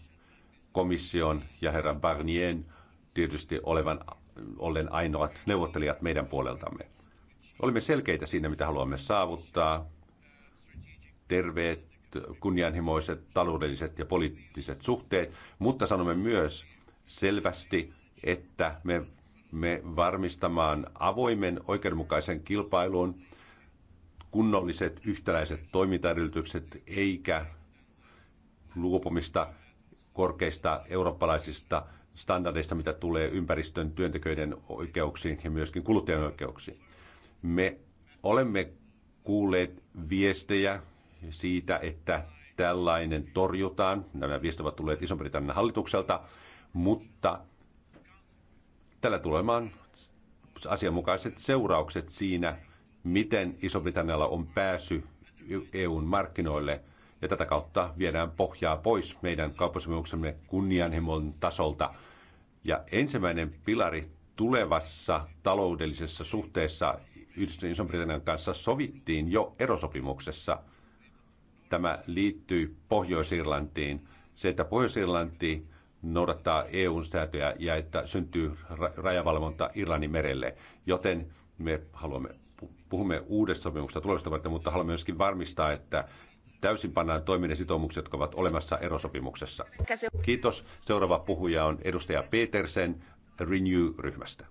komission ja herran Barnien tietysti olevan ollen ainoat neuvottelijat meidän puoleltamme. Olimme selkeitä siinä, mitä haluamme saavuttaa. Terveet, kunnianhimoiset, taloudelliset ja poliittiset suhteet, mutta sanomme myös selvästi, että me, me varmistamaan avoimen, oikeudenmukaisen kilpailun, kunnolliset, yhtäläiset toimintaedellytykset, eikä luopumista korkeista eurooppalaisista standardeista, mitä tulee ympäristön työntekijöiden oikeuksiin ja myöskin kuluttajan oikeuksiin. Me olemme kuulleet viestejä siitä, että tällainen torjutaan. Nämä viestit ovat tulleet Iso-Britannian hallitukselta, mutta tällä tulemaan asianmukaiset seuraukset siinä, miten Iso-Britannialla on pääsy EUn markkinoille ja tätä kautta viedään pohjaa pois meidän kauppasopimuksemme kunnianhimon tasolta. Ja ensimmäinen pilari tulevassa taloudellisessa suhteessa Yhdistyneen Ison-Britannian kanssa sovittiin jo erosopimuksessa. Tämä liittyy Pohjois-Irlantiin. Se, että Pohjois-Irlanti noudattaa EUn säätöjä ja että syntyy rajavalvonta Irlannin merelle, joten me haluamme puhumme uudesta sopimuksesta tulevasta varten, mutta haluamme myöskin varmistaa, että täysin pannaan toiminnan sitoumukset, jotka ovat olemassa erosopimuksessa. Kiitos. Seuraava puhuja on edustaja Petersen Renew-ryhmästä.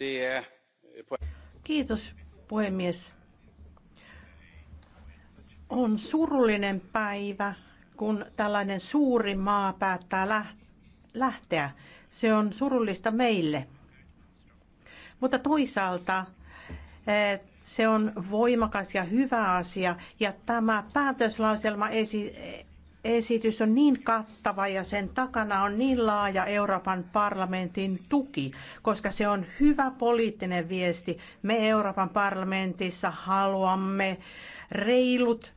Er, øh, Kiitos puhemies. On surullinen päivä, kun tällainen suuri maa päättää lähteä. Se on surullista meille. Mutta toisaalta eh, se on voimakas ja hyvä asia ja tämä päätöslauselma esi- esitys on niin kattava ja sen takana on niin laaja Euroopan parlamentin tuki, koska se on hyvä poliittinen viesti. Me Euroopan parlamentissa haluamme reilut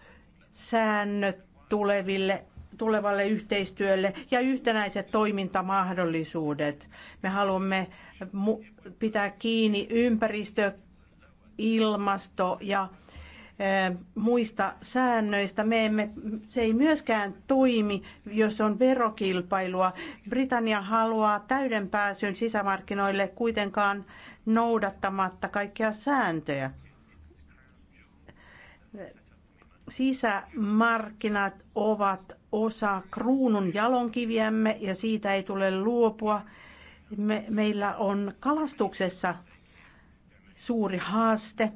säännöt tuleville tulevalle yhteistyölle ja yhtenäiset toimintamahdollisuudet. Me haluamme pitää kiinni ympäristö, ilmasto ja eh, muista säännöistä. Me emme, se ei myöskään toimi, jos on verokilpailua. Britannia haluaa täyden pääsyn sisämarkkinoille kuitenkaan noudattamatta kaikkia sääntöjä. Sisämarkkinat ovat osa kruunun jalonkiviämme ja siitä ei tule luopua. Me, meillä on kalastuksessa suuri haaste.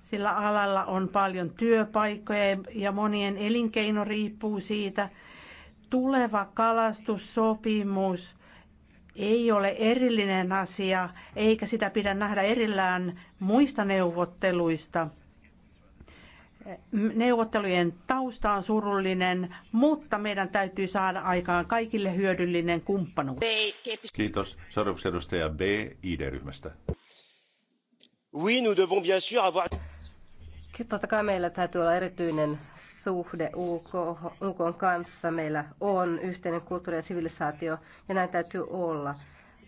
Sillä alalla on paljon työpaikkoja ja monien elinkeino riippuu siitä. Tuleva kalastussopimus ei ole erillinen asia, eikä sitä pidä nähdä erillään muista neuvotteluista. Neuvottelujen tausta on surullinen, mutta meidän täytyy saada aikaan kaikille hyödyllinen kumppanuus. Kiitos. Seuraavaksi edustaja B. ID-ryhmästä. Totta kai meillä täytyy olla erityinen suhde UK, UKn kanssa. Meillä on yhteinen kulttuuri ja sivilisaatio, ja näin täytyy olla.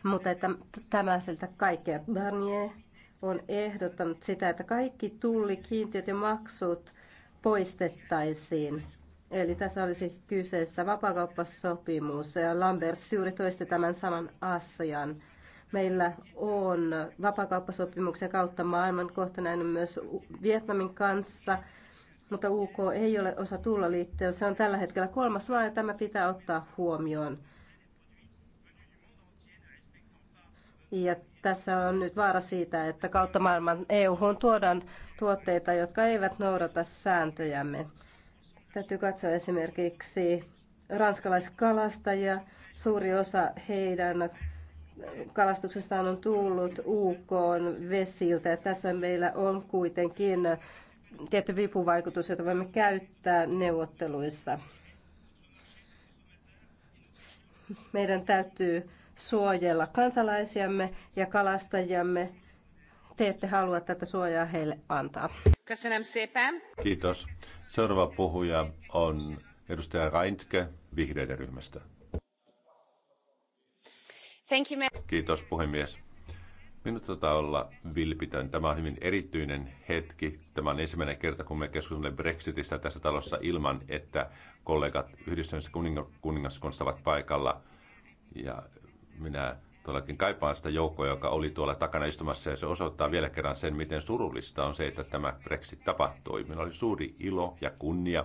Mutta että tämä siltä kaikkea. Barnier on ehdottanut sitä, että kaikki tulli, kiintiöt ja maksut poistettaisiin. Eli tässä olisi kyseessä vapaakauppasopimus, ja Lambert juuri toisti tämän saman asian Meillä on vapakauppasopimuksen kautta maailman kohta myös Vietnamin kanssa, mutta UK ei ole osa tullaliittoa. Se on tällä hetkellä kolmas maa ja tämä pitää ottaa huomioon. Ja tässä on nyt vaara siitä, että kautta maailman eu on tuodaan tuotteita, jotka eivät noudata sääntöjämme. Täytyy katsoa esimerkiksi ranskalaiskalastajia. Suuri osa heidän kalastuksesta on tullut UK vesiltä. Ja tässä meillä on kuitenkin tietty vipuvaikutus, jota voimme käyttää neuvotteluissa. Meidän täytyy suojella kansalaisiamme ja kalastajiamme. Te ette halua tätä suojaa heille antaa. Kiitos. Seuraava puhuja on edustaja Reintke vihreiden ryhmästä. Thank you, Kiitos puhemies. Minut tota olla vilpitön. Tämä on hyvin erityinen hetki. Tämä on ensimmäinen kerta, kun me keskustelemme Brexitistä tässä talossa ilman, että kollegat yhdistyneessä kuningaskunnassa ovat paikalla. Ja minä todellakin kaipaan sitä joukkoa, joka oli tuolla takana istumassa, ja se osoittaa vielä kerran sen, miten surullista on se, että tämä Brexit tapahtui. Minulla oli suuri ilo ja kunnia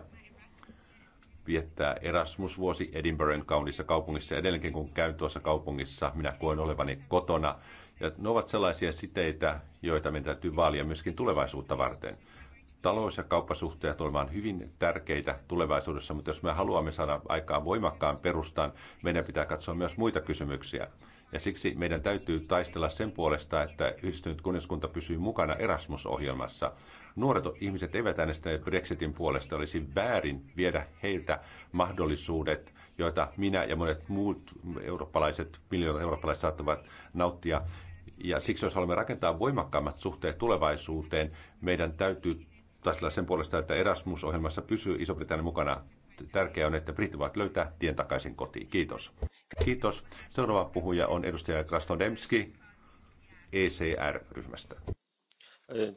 viettää Erasmus-vuosi Edinburghin kaunissa kaupungissa. Edelleenkin kun käyn tuossa kaupungissa, minä koen olevani kotona. Ja ne ovat sellaisia siteitä, joita meidän täytyy vaalia myöskin tulevaisuutta varten. Talous- ja kauppasuhteet olemaan hyvin tärkeitä tulevaisuudessa, mutta jos me haluamme saada aikaan voimakkaan perustan, meidän pitää katsoa myös muita kysymyksiä. Ja siksi meidän täytyy taistella sen puolesta, että yhdistynyt kuningaskunta pysyy mukana Erasmus-ohjelmassa. Nuoret ihmiset eivät äänestäneet Brexitin puolesta. Olisi väärin viedä heiltä mahdollisuudet, joita minä ja monet muut eurooppalaiset, miljoonat eurooppalaiset saattavat nauttia. Ja siksi, jos haluamme rakentaa voimakkaammat suhteet tulevaisuuteen, meidän täytyy taistella sen puolesta, että Erasmus-ohjelmassa pysyy Iso-Britannia mukana. Tärkeää on, että britit voivat löytää tien takaisin kotiin. Kiitos. Kiitos. Seuraava puhuja on edustaja Krasnodemski ECR-ryhmästä.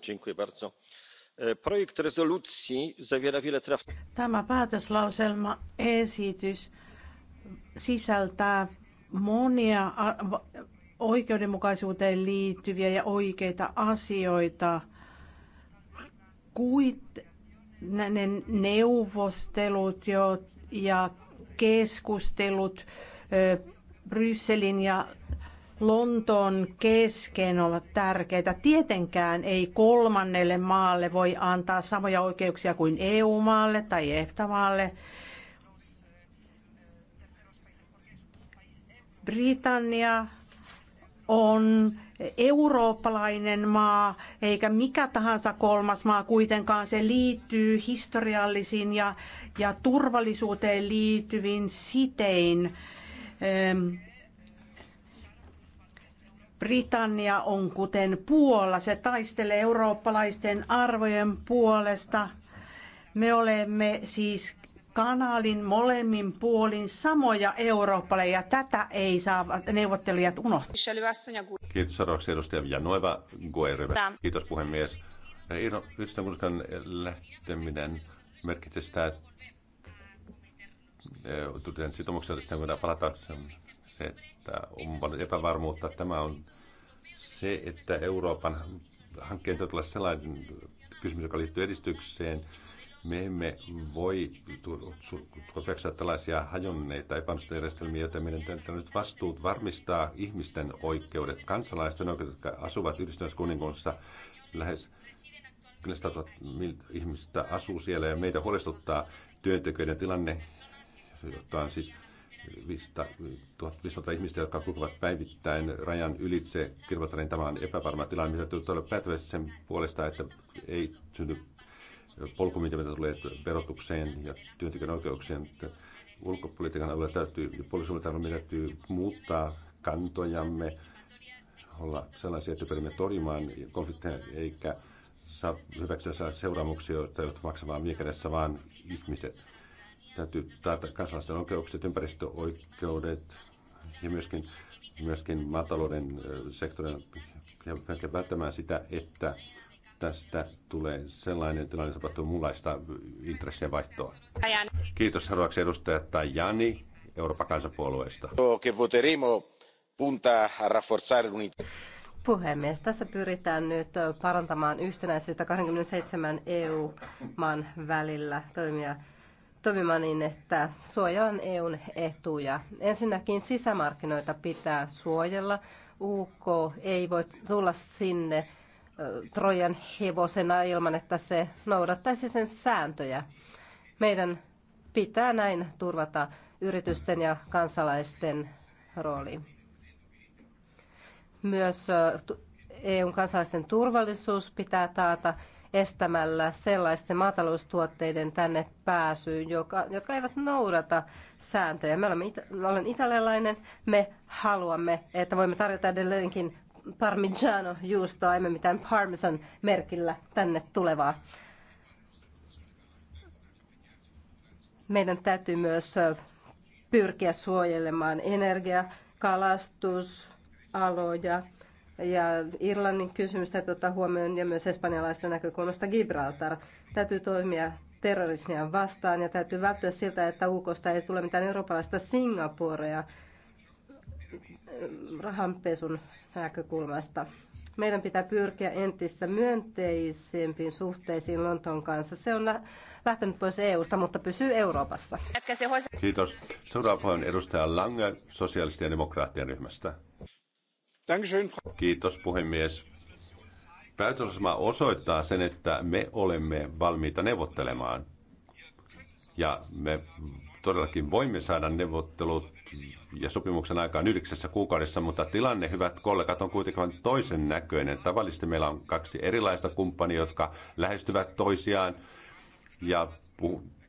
Dziękuję bardzo E, projekt resolucji zawiera wiele traf... Tämä päätöslauselmaesitys sisältää monia oikeudenmukaisuuteen liittyviä ja oikeita asioita. Kuit, ne neuvostelut jo, ja keskustelut Brysselin ja Lontoon kesken olla tärkeitä. Tietenkään ei kolmannelle maalle voi antaa samoja oikeuksia kuin EU-maalle tai EFTA-maalle. Britannia on eurooppalainen maa, eikä mikä tahansa kolmas maa kuitenkaan. Se liittyy historiallisiin ja, ja turvallisuuteen liittyviin sitein. Ähm, Britannia on kuten Puola. Se taistelee eurooppalaisten arvojen puolesta. Me olemme siis kanalin molemmin puolin samoja eurooppalaisia. ja tätä ei saa neuvottelijat unohtaa. Kiitos seuraavaksi edustaja Janoeva Guerrero. Kiitos puhemies. Iiro Ystävuuskan lähteminen merkitsee sitä, että eh, sitoumuksellisesti voidaan palata se, että on paljon epävarmuutta. Tämä on se, että Euroopan hankkeen täytyy olla sellainen kysymys, joka liittyy edistykseen. Me emme voi hyväksyä tällaisia hajonneita epäonnistujärjestelmiä, joita meidän täytyy nyt vastuut varmistaa ihmisten oikeudet, kansalaisten oikeudet, jotka asuvat yhdistyneessä kuningossa lähes 100 000 ihmistä asuu siellä ja meitä huolestuttaa työntekijöiden tilanne, joka on siis 1500 ihmistä, jotka kulkevat päivittäin rajan ylitse Kirvataren. Niin tämä on epävarma tilanne. mitä täytyy olla päättävästi sen puolesta, että ei synny polku, mitä tulee verotukseen ja työntekijän oikeuksien. Ulkopolitiikan alueella täytyy, niin poliisivaltiolla täytyy muuttaa kantojamme, olla sellaisia, että pyrimme torjumaan konflikteja eikä saa hyväksyä seuraamuksia, joutuu maksamaan miekädessä vaan ihmiset täytyy taata kansalaisten oikeukset, ympäristöoikeudet ja myöskin, myöskin maatalouden sektorin ja välttämään sitä, että tästä tulee sellainen tilanne, tapahtuu muunlaista intressien vaihtoa. Kiitos seuraavaksi edustaja Tajani Euroopan kansanpuolueesta. Puhemies, tässä pyritään nyt parantamaan yhtenäisyyttä 27 EU-maan välillä toimia Tovimanin, niin, että on EUn etuja. Ensinnäkin sisämarkkinoita pitää suojella. UK ei voi tulla sinne Trojan hevosena ilman, että se noudattaisi sen sääntöjä. Meidän pitää näin turvata yritysten ja kansalaisten rooli. Myös EUn kansalaisten turvallisuus pitää taata estämällä sellaisten maataloustuotteiden tänne pääsy, joka, jotka eivät noudata sääntöjä. Me olemme, mä olen italialainen, me haluamme, että voimme tarjota edelleenkin parmigiano juustoa, emme mitään parmesan merkillä tänne tulevaa. Meidän täytyy myös pyrkiä suojelemaan energia, kalastusaloja, ja Irlannin kysymys täytyy ottaa huomioon ja myös espanjalaisten näkökulmasta Gibraltar. Täytyy toimia terrorismia vastaan ja täytyy välttyä siltä, että UKsta ei tule mitään eurooppalaista Singaporea rahanpesun näkökulmasta. Meidän pitää pyrkiä entistä myönteisempiin suhteisiin Lontoon kanssa. Se on lähtenyt pois EUsta, mutta pysyy Euroopassa. Kiitos. Seuraava on edustaja Lange sosiaalisten ja demokraattien ryhmästä. Kiitos puhemies. Päätösasema osoittaa sen, että me olemme valmiita neuvottelemaan. Ja me todellakin voimme saada neuvottelut ja sopimuksen aikaan yhdeksässä kuukaudessa, mutta tilanne, hyvät kollegat, on kuitenkin toisen näköinen. Tavallisesti meillä on kaksi erilaista kumppania, jotka lähestyvät toisiaan ja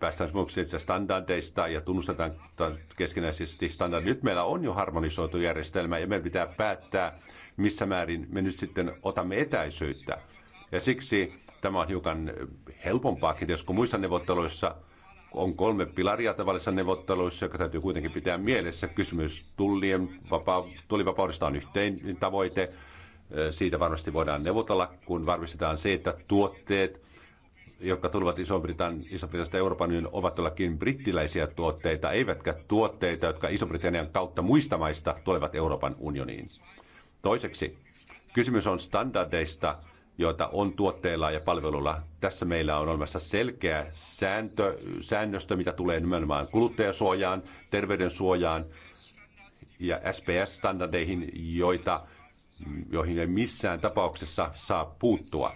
päästään sopimukseen standardeista ja tunnustetaan keskinäisesti standardit. Nyt meillä on jo harmonisoitu järjestelmä ja meidän pitää päättää, missä määrin me nyt sitten otamme etäisyyttä. Ja siksi tämä on hiukan helpompaakin, jos kun muissa neuvotteluissa on kolme pilaria tavallisissa neuvotteluissa, joka täytyy kuitenkin pitää mielessä. Kysymys tullien vapa- tullivapaudesta on yhteinen tavoite. Siitä varmasti voidaan neuvotella, kun varmistetaan se, että tuotteet – jotka tulevat Iso-Britanniasta -Britann, Iso Euroopan niin ovat todellakin brittiläisiä tuotteita, eivätkä tuotteita, jotka Iso-Britannian kautta muista maista tulevat Euroopan unioniin. Toiseksi, kysymys on standardeista, joita on tuotteilla ja palveluilla. Tässä meillä on olemassa selkeä sääntö, säännöstö, mitä tulee nimenomaan kuluttajasuojaan, terveydensuojaan ja SPS-standardeihin, joita, joihin ei missään tapauksessa saa puuttua.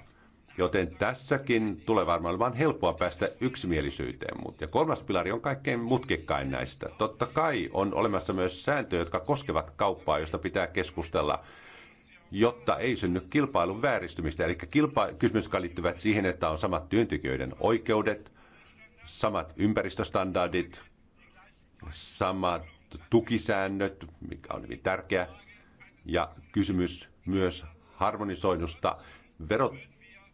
Joten tässäkin tulee varmaan olemaan helppoa päästä yksimielisyyteen. Ja kolmas pilari on kaikkein mutkikkain näistä. Totta kai on olemassa myös sääntöjä, jotka koskevat kauppaa, josta pitää keskustella jotta ei synny kilpailun vääristymistä. Eli kilpa- kysymys, jotka liittyvät siihen, että on samat työntekijöiden oikeudet, samat ympäristöstandardit, samat tukisäännöt, mikä on hyvin tärkeä, ja kysymys myös harmonisoinnusta verot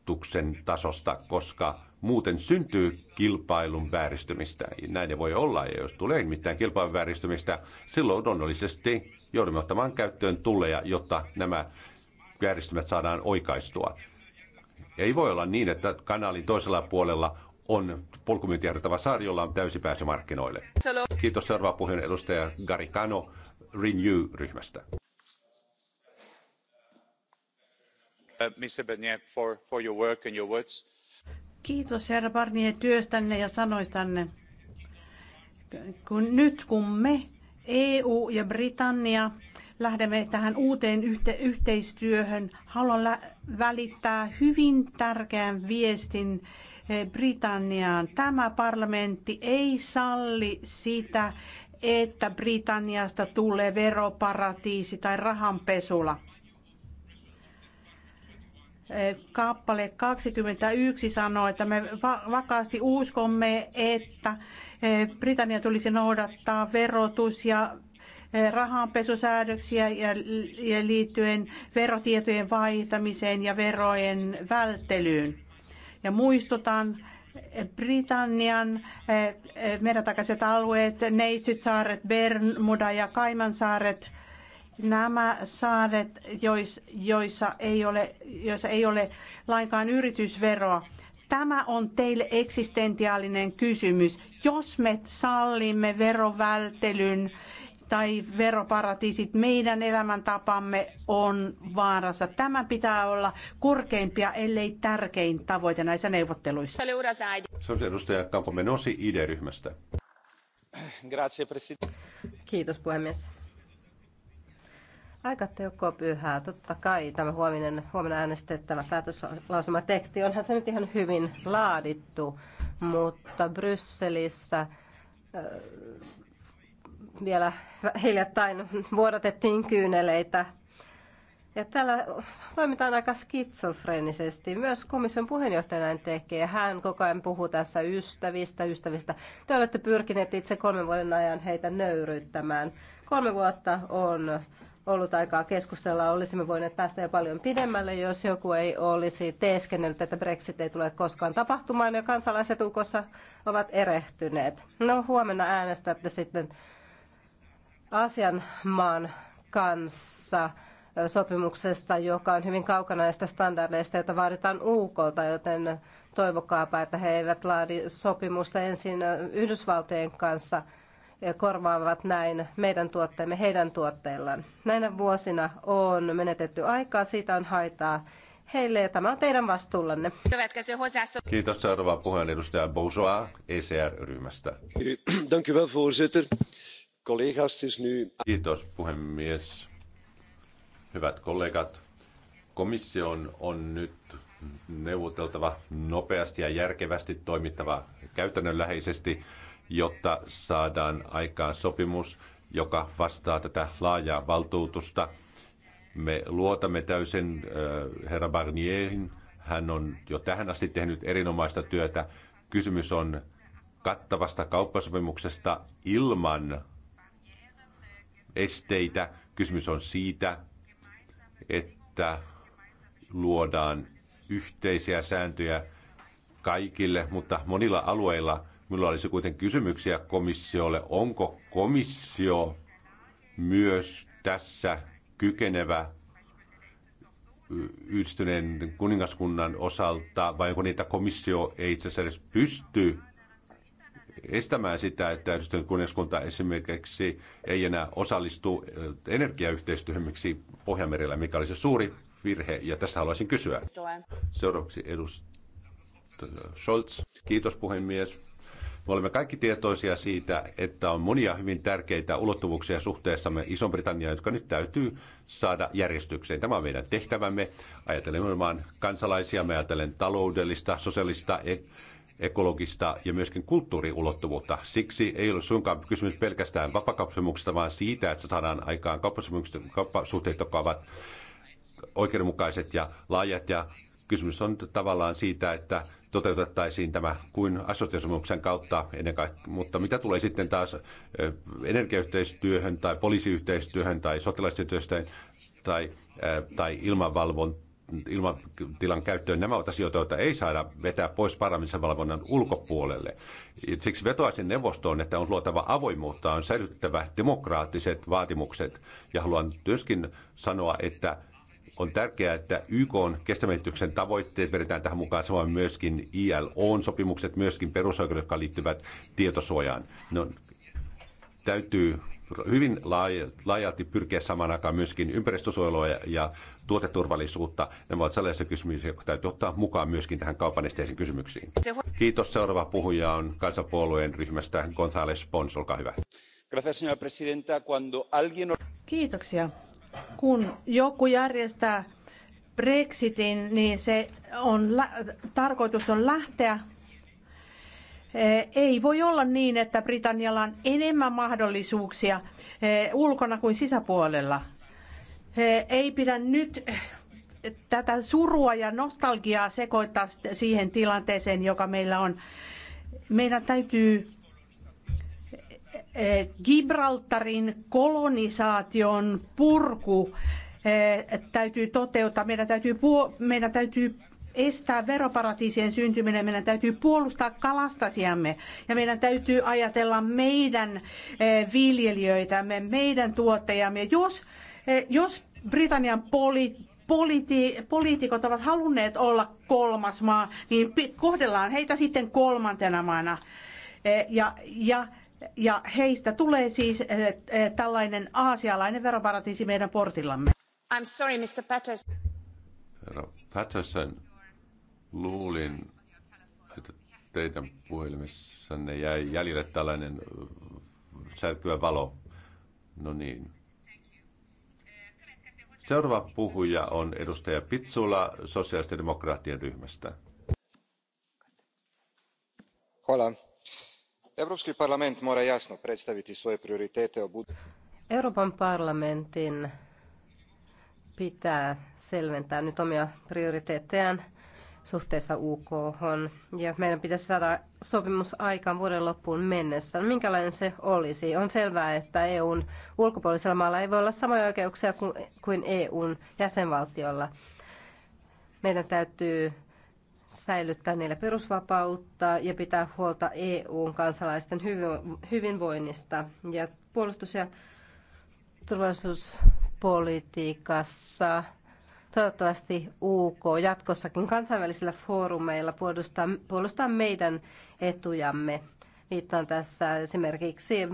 verotuksen tasosta, koska muuten syntyy kilpailun vääristymistä. Näin ne voi olla, ja jos tulee mitään kilpailun vääristymistä, silloin luonnollisesti joudumme ottamaan käyttöön tulleja, jotta nämä vääristymät saadaan oikaistua. Ei voi olla niin, että kanaalin toisella puolella on polkumyyntiharjoittava saari, jolla on täysi pääsy markkinoille. Kiitos seuraava puheen edustaja Kano Renew-ryhmästä. Uh, Kiitos herra Barnier työstänne ja sanoistanne. Kun, nyt kun me, EU ja Britannia, lähdemme tähän uuteen yhte- yhteistyöhön, haluan välittää hyvin tärkeän viestin eh, Britanniaan. Tämä parlamentti ei salli sitä, että Britanniasta tulee veroparatiisi tai rahanpesula. Eh, kappale 21 sanoo, että me vakaasti uskomme, että eh, Britannia tulisi noudattaa verotus- ja eh, rahanpesusäädöksiä ja liittyen verotietojen vaihtamiseen ja verojen välttelyyn. Ja muistutan, Britannian meretakaiset alueet, Neitsytsaaret, Bermuda ja Kaimansaaret – nämä saaret, joissa ei ole, joissa ei ole lainkaan yritysveroa. Tämä on teille eksistentiaalinen kysymys. Jos me sallimme verovältelyn tai veroparatiisit, meidän elämäntapamme on vaarassa. Tämä pitää olla korkeimpia, ellei tärkein tavoite näissä neuvotteluissa. Se on edustaja Kauppamen osi ID-ryhmästä. Kiitos puhemies Aika teko pyhää. Totta kai tämä huominen, huomenna äänestettävä päätöslausumateksti onhan se nyt ihan hyvin laadittu, mutta Brysselissä äh, vielä hiljattain vuodatettiin kyyneleitä. Ja täällä toimitaan aika skitsofrenisesti. Myös komission puheenjohtaja näin tekee. Hän koko ajan puhuu tässä ystävistä, ystävistä. Te olette pyrkineet itse kolmen vuoden ajan heitä nöyryyttämään. Kolme vuotta on ollut aikaa keskustella. Olisimme voineet päästä jo paljon pidemmälle, jos joku ei olisi teeskennellyt, että Brexit ei tule koskaan tapahtumaan ja kansalaiset UKossa ovat erehtyneet. No huomenna äänestätte sitten asianmaan kanssa sopimuksesta, joka on hyvin kaukana näistä standardeista, joita vaaditaan UKlta, joten toivokaapa, että he eivät laadi sopimusta ensin Yhdysvaltojen kanssa – korvaavat näin meidän tuotteemme heidän tuotteillaan. Näinä vuosina on menetetty aikaa, siitä on haitaa heille ja tämä on teidän vastuullanne. Kiitos seuraava puheen edustaja Bourgeois ECR-ryhmästä. Kiitos puhemies. Hyvät kollegat, komissio on nyt neuvoteltava nopeasti ja järkevästi toimittava käytännönläheisesti jotta saadaan aikaan sopimus, joka vastaa tätä laajaa valtuutusta. Me luotamme täysin äh, herra Barnierin. Hän on jo tähän asti tehnyt erinomaista työtä. Kysymys on kattavasta kauppasopimuksesta ilman esteitä. Kysymys on siitä, että luodaan yhteisiä sääntöjä kaikille, mutta monilla alueilla Minulla olisi kuitenkin kysymyksiä komissiolle. Onko komissio myös tässä kykenevä yhdistyneen kuningaskunnan osalta, vai onko niitä komissio ei itse asiassa edes pysty estämään sitä, että yhdistyneen kuningaskunta esimerkiksi ei enää osallistu energiayhteistyöhön, miksi Pohjanmerellä, mikä oli se suuri virhe, ja tästä haluaisin kysyä. Seuraavaksi edustaja Scholz. Kiitos puhemies. Me olemme kaikki tietoisia siitä, että on monia hyvin tärkeitä ulottuvuuksia suhteessamme Iso-Britannia, jotka nyt täytyy saada järjestykseen. Tämä on meidän tehtävämme. Ajatellen nimenomaan kansalaisia, me ajatellen taloudellista, sosiaalista, e- ekologista ja myöskin kulttuuriulottuvuutta. Siksi ei ole suinkaan kysymys pelkästään vapakauppasopimuksesta, vaan siitä, että saadaan aikaan kauppasuhteet, jotka ovat oikeudenmukaiset ja laajat. Ja kysymys on tavallaan siitä, että toteutettaisiin tämä kuin assosiaatiosopimuksen kautta ennen kaikkea. Mutta mitä tulee sitten taas energiayhteistyöhön tai poliisiyhteistyöhön tai sotilasyhteistyöhön tai, tai ilmanvalvon, ilmatilan käyttöön, nämä ovat asioita, joita ei saada vetää pois parlamentin valvonnan ulkopuolelle. Siksi vetoaisin neuvostoon, että on luotava avoimuutta, on säilytettävä demokraattiset vaatimukset. Ja haluan myöskin sanoa, että on tärkeää, että YK on kestävän tavoitteet vedetään tähän mukaan, samoin myöskin ILO-sopimukset, myöskin perusoikeudet, jotka liittyvät tietosuojaan. No, täytyy hyvin laajalti pyrkiä samaan aikaan myöskin ympäristösuojelua ja, ja tuoteturvallisuutta. Nämä ovat sellaisia kysymyksiä, jotka täytyy ottaa mukaan myöskin tähän kaupan kysymyksiin. Kiitos. Seuraava puhuja on kansanpuolueen ryhmästä González Pons. Olkaa hyvä. Kiitoksia, kun joku järjestää Brexitin, niin se on, tarkoitus on lähteä. Eh, ei voi olla niin, että Britannialla on enemmän mahdollisuuksia eh, ulkona kuin sisäpuolella. Eh, ei pidä nyt tätä surua ja nostalgiaa sekoittaa siihen tilanteeseen, joka meillä on. Meidän täytyy Eh, Gibraltarin kolonisaation purku eh, täytyy toteuttaa. Meidän täytyy, meidän täytyy estää veroparatiisien syntyminen, meidän täytyy puolustaa kalastasiamme ja meidän täytyy ajatella meidän eh, viljelijöitämme, meidän tuottajamme. Jos, jos Britannian poli, poliitikot ovat halunneet olla kolmas maa, niin kohdellaan heitä sitten kolmantena maana. Ja, ja ja heistä tulee siis eh, eh, tällainen aasialainen veroparatiisi meidän portillamme. I'm sorry, Mr. Patterson. Herra Patterson, luulin, että teidän puhelimessanne jäi jäljelle tällainen eh, särkyä valo. No niin. Seuraava puhuja on edustaja Pitsula sosiaalisten demokraattien ryhmästä. Hola europski parlament mora jasno predstaviti svoje prioritete o Euroopan parlamentin pitää selventää nyt omia prioriteettejaan suhteessa UK hon Ja meidän pitäisi saada sopimus aikaan vuoden loppuun mennessä. Minkälainen se olisi? On selvää, että EUn ulkopuolisella maalla ei voi olla samoja oikeuksia kuin EUn jäsenvaltiolla. Meidän täytyy säilyttää niille perusvapautta ja pitää huolta EUn kansalaisten hyvinvoinnista. Ja puolustus- ja turvallisuuspolitiikassa toivottavasti UK jatkossakin kansainvälisillä foorumeilla puolustaa, puolustaa meidän etujamme. Viittaan tässä esimerkiksi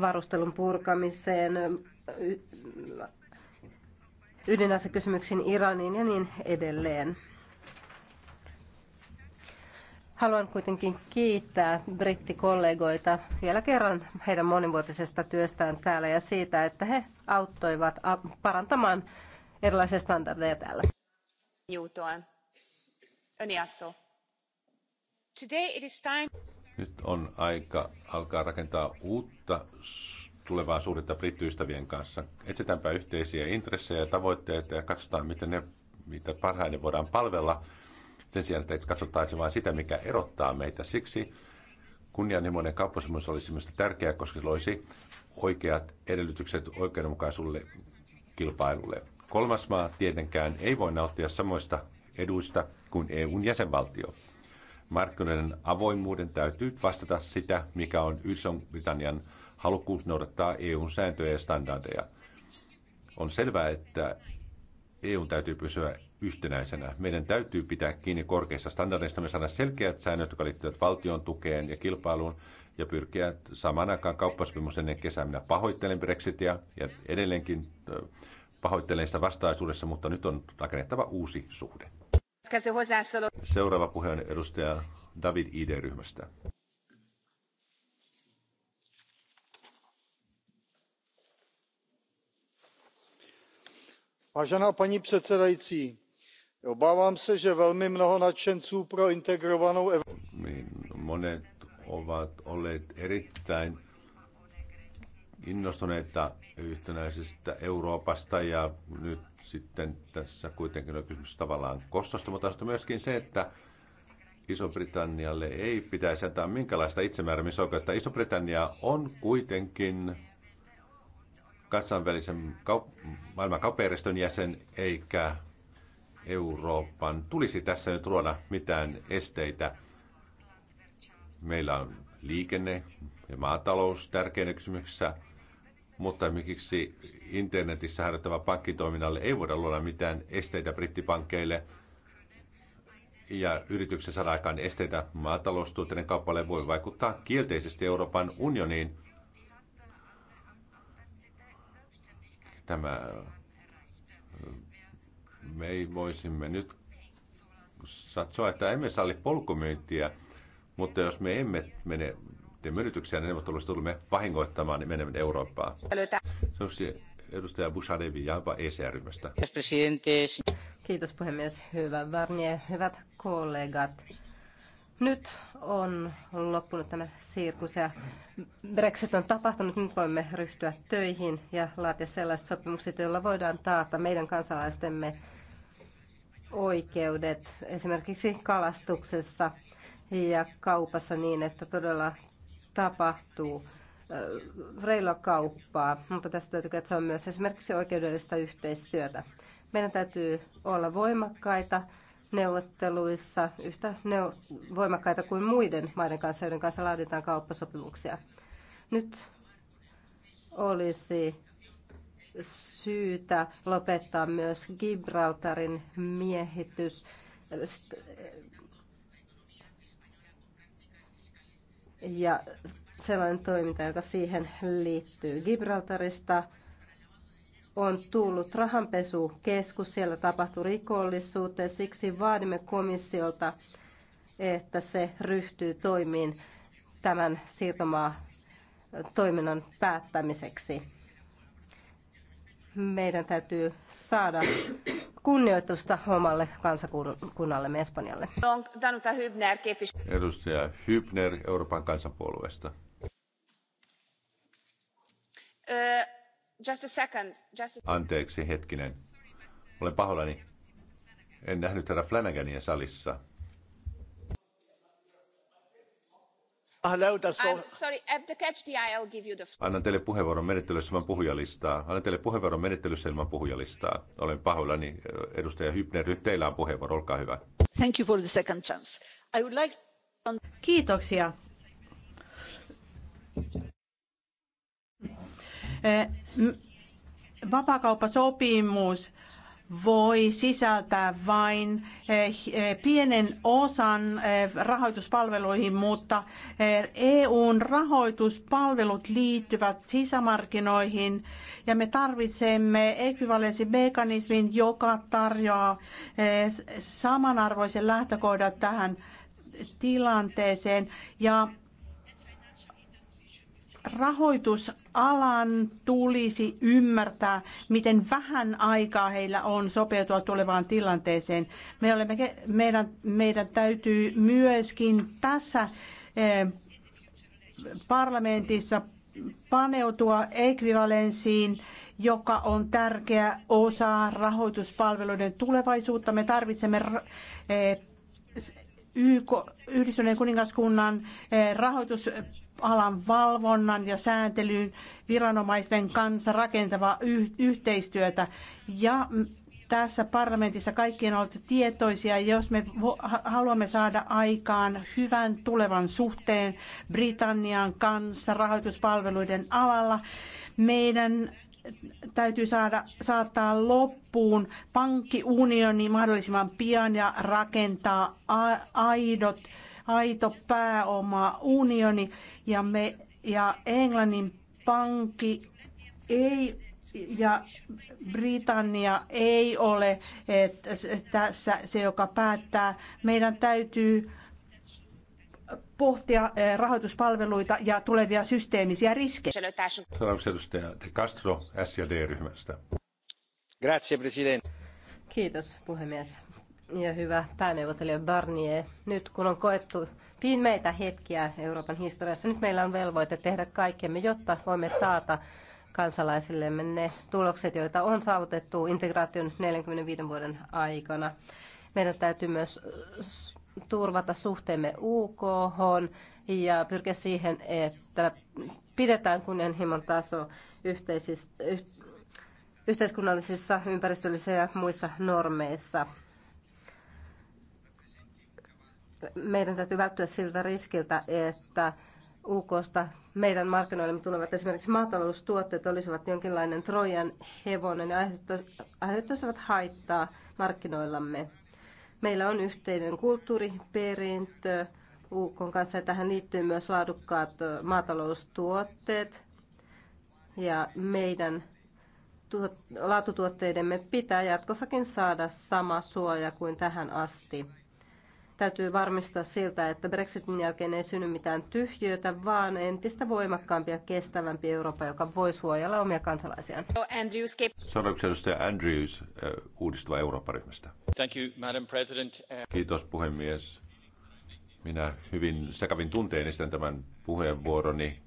varustelun purkamiseen, ydinasekysymyksiin Iraniin ja niin edelleen. Haluan kuitenkin kiittää brittikollegoita vielä kerran heidän monivuotisesta työstään täällä ja siitä, että he auttoivat parantamaan erilaisia standardeja täällä. Nyt on aika alkaa rakentaa uutta tulevaa suhdetta brittiystävien kanssa. Etsitäänpä yhteisiä intressejä ja tavoitteita ja katsotaan, miten ne, mitä parhaiten voidaan palvella – sen sijaan, että katsottaisiin vain sitä, mikä erottaa meitä. Siksi kunnianhimoinen kauppasopimus olisi minusta tärkeää, koska se olisi oikeat edellytykset oikeudenmukaisuudelle kilpailulle. Kolmas maa tietenkään ei voi nauttia samoista eduista kuin EUn jäsenvaltio. Markkinoiden avoimuuden täytyy vastata sitä, mikä on Yhdysvallan halukkuus noudattaa EUn sääntöjä ja standardeja. On selvää, että EUn täytyy pysyä yhtenäisenä. Meidän täytyy pitää kiinni korkeissa standardeista. Me saada selkeät säännöt, jotka liittyvät valtion tukeen ja kilpailuun ja pyrkiä samaan aikaan kauppasopimus ennen kesää. Minä pahoittelen Brexitia ja edelleenkin pahoittelen sitä vastaisuudessa, mutta nyt on rakennettava uusi suhde. Seuraava puhe on edustaja David ID-ryhmästä. Vážená paní předsedající, Obávám se, že velmi mnoho nadšenců pro integrovanou Monet ovat olleet erittäin innostuneita yhtenäisestä Euroopasta ja nyt sitten tässä kuitenkin on kysymys tavallaan kostosta, mutta myöskin se, että Iso-Britannialle ei pitäisi antaa minkälaista itsemääräämisoikeutta. Iso-Britannia on kuitenkin kansainvälisen kaup- maailman jäsen eikä Euroopan tulisi tässä nyt luoda mitään esteitä. Meillä on liikenne ja maatalous tärkeänä kysymyksessä, mutta miksi internetissä harjoittava pankkitoiminnalle ei voida luoda mitään esteitä brittipankkeille ja yrityksen saada aikaan esteitä maataloustuotteiden kaupalle voi vaikuttaa kielteisesti Euroopan unioniin. Tämä me ei voisimme nyt satsoa, että emme salli polkumyyntiä, mutta jos me emme mene te myrityksiä niin neuvottelusta tulemme vahingoittamaan niin menemme Eurooppaan. on edustaja Bushadevi Java ECR-ryhmästä. Kiitos puhemies. Hyvä Varnie, hyvät kollegat. Nyt on loppunut tämä sirkus ja Brexit on tapahtunut. Nyt voimme ryhtyä töihin ja laatia sellaiset sopimukset, joilla voidaan taata meidän kansalaistemme oikeudet esimerkiksi kalastuksessa ja kaupassa niin, että todella tapahtuu reilua kauppaa, mutta tästä täytyy katsoa myös esimerkiksi oikeudellista yhteistyötä. Meidän täytyy olla voimakkaita neuvotteluissa, yhtä neu- voimakkaita kuin muiden maiden kanssa, joiden kanssa laaditaan kauppasopimuksia. Nyt olisi syytä lopettaa myös Gibraltarin miehitys. Ja sellainen toiminta, joka siihen liittyy. Gibraltarista on tullut rahanpesukeskus, siellä tapahtuu rikollisuutta ja siksi vaadimme komissiolta, että se ryhtyy toimiin tämän siirtomaa toiminnan päättämiseksi meidän täytyy saada kunnioitusta omalle kansakunnallemme Espanjalle. Edustaja Hybner Euroopan kansanpuolueesta. just a second, just a... Anteeksi, hetkinen. Olen pahoillani. En nähnyt herra Flanagania salissa. Annan teille puheenvuoron menettelyssä ilman puhujalistaa. Annan teille puheenvuoron menettelyssä ilman puhujalistaa. Olen pahoillani, eh, edustaja Hybner. Nyt teillä on puheenvuoro, olkaa hyvä. Thank you for the second chance. I would like... Kiitoksia. Eh, vapaakauppasopimus voi sisältää vain eh, eh, pienen osan eh, rahoituspalveluihin, mutta EUn e rahoituspalvelut liittyvät sisämarkkinoihin ja me tarvitsemme ekvivalenssimekanismin, joka tarjoaa samanarvoisen lähtökohdat tähän tilanteeseen ja rahoitus alan tulisi ymmärtää, miten vähän aikaa heillä on sopeutua tulevaan tilanteeseen. Me olemme, meidän, meidän täytyy myöskin tässä eh, parlamentissa paneutua ekvivalenssiin, joka on tärkeä osa rahoituspalveluiden tulevaisuutta. Me tarvitsemme eh, YK, Yhdistyneen kuningaskunnan eh, rahoitusalan valvonnan ja sääntelyn viranomaisten kanssa rakentavaa yh, yhteistyötä. Ja mm, tässä parlamentissa kaikkien on oltu tietoisia, jos me haluamme saada aikaan hyvän tulevan suhteen Britannian kanssa rahoituspalveluiden alalla, meidän täytyy saada, saattaa loppuun pankkiunioni mahdollisimman pian ja rakentaa aidot, aito pääoma unioni ja, me, ja Englannin pankki ei ja Britannia ei ole että tässä se, joka päättää. Meidän täytyy pohtia eh, rahoituspalveluita ja tulevia systeemisiä riskejä. Seuraavaksi edustaja De Castro SJD-ryhmästä. Grazie, president. Kiitos, puhemies. Ja hyvä pääneuvottelija Barnier. Nyt kun on koettu viimeitä hetkiä Euroopan historiassa, nyt meillä on velvoite tehdä kaikkemme, jotta voimme taata kansalaisillemme ne tulokset, joita on saavutettu integraation 45 vuoden aikana. Meidän täytyy myös turvata suhteemme UK ja pyrkiä siihen, että pidetään kunnianhimon taso yhteiskunnallisissa, ympäristöllisissä ja muissa normeissa. Meidän täytyy välttyä siltä riskiltä, että UKsta meidän markkinoillemme tulevat esimerkiksi maataloustuotteet olisivat jonkinlainen Trojan hevonen ja aiheuttaisivat haittaa markkinoillamme. Meillä on yhteinen kulttuuriperintö UK kanssa ja tähän liittyy myös laadukkaat maataloustuotteet ja meidän laatutuotteidemme pitää jatkossakin saada sama suoja kuin tähän asti. Täytyy varmistaa siltä, että Brexitin jälkeen ei synny mitään tyhjiötä, vaan entistä voimakkaampi ja kestävämpi Eurooppa, joka voi suojella omia kansalaisiaan. Sanoiko edustaja Andrews eh, uudistuva Eurooppa-ryhmästä? Thank you, Madam President. Kiitos puhemies. Minä hyvin sekavin tunteen esitän tämän puheenvuoroni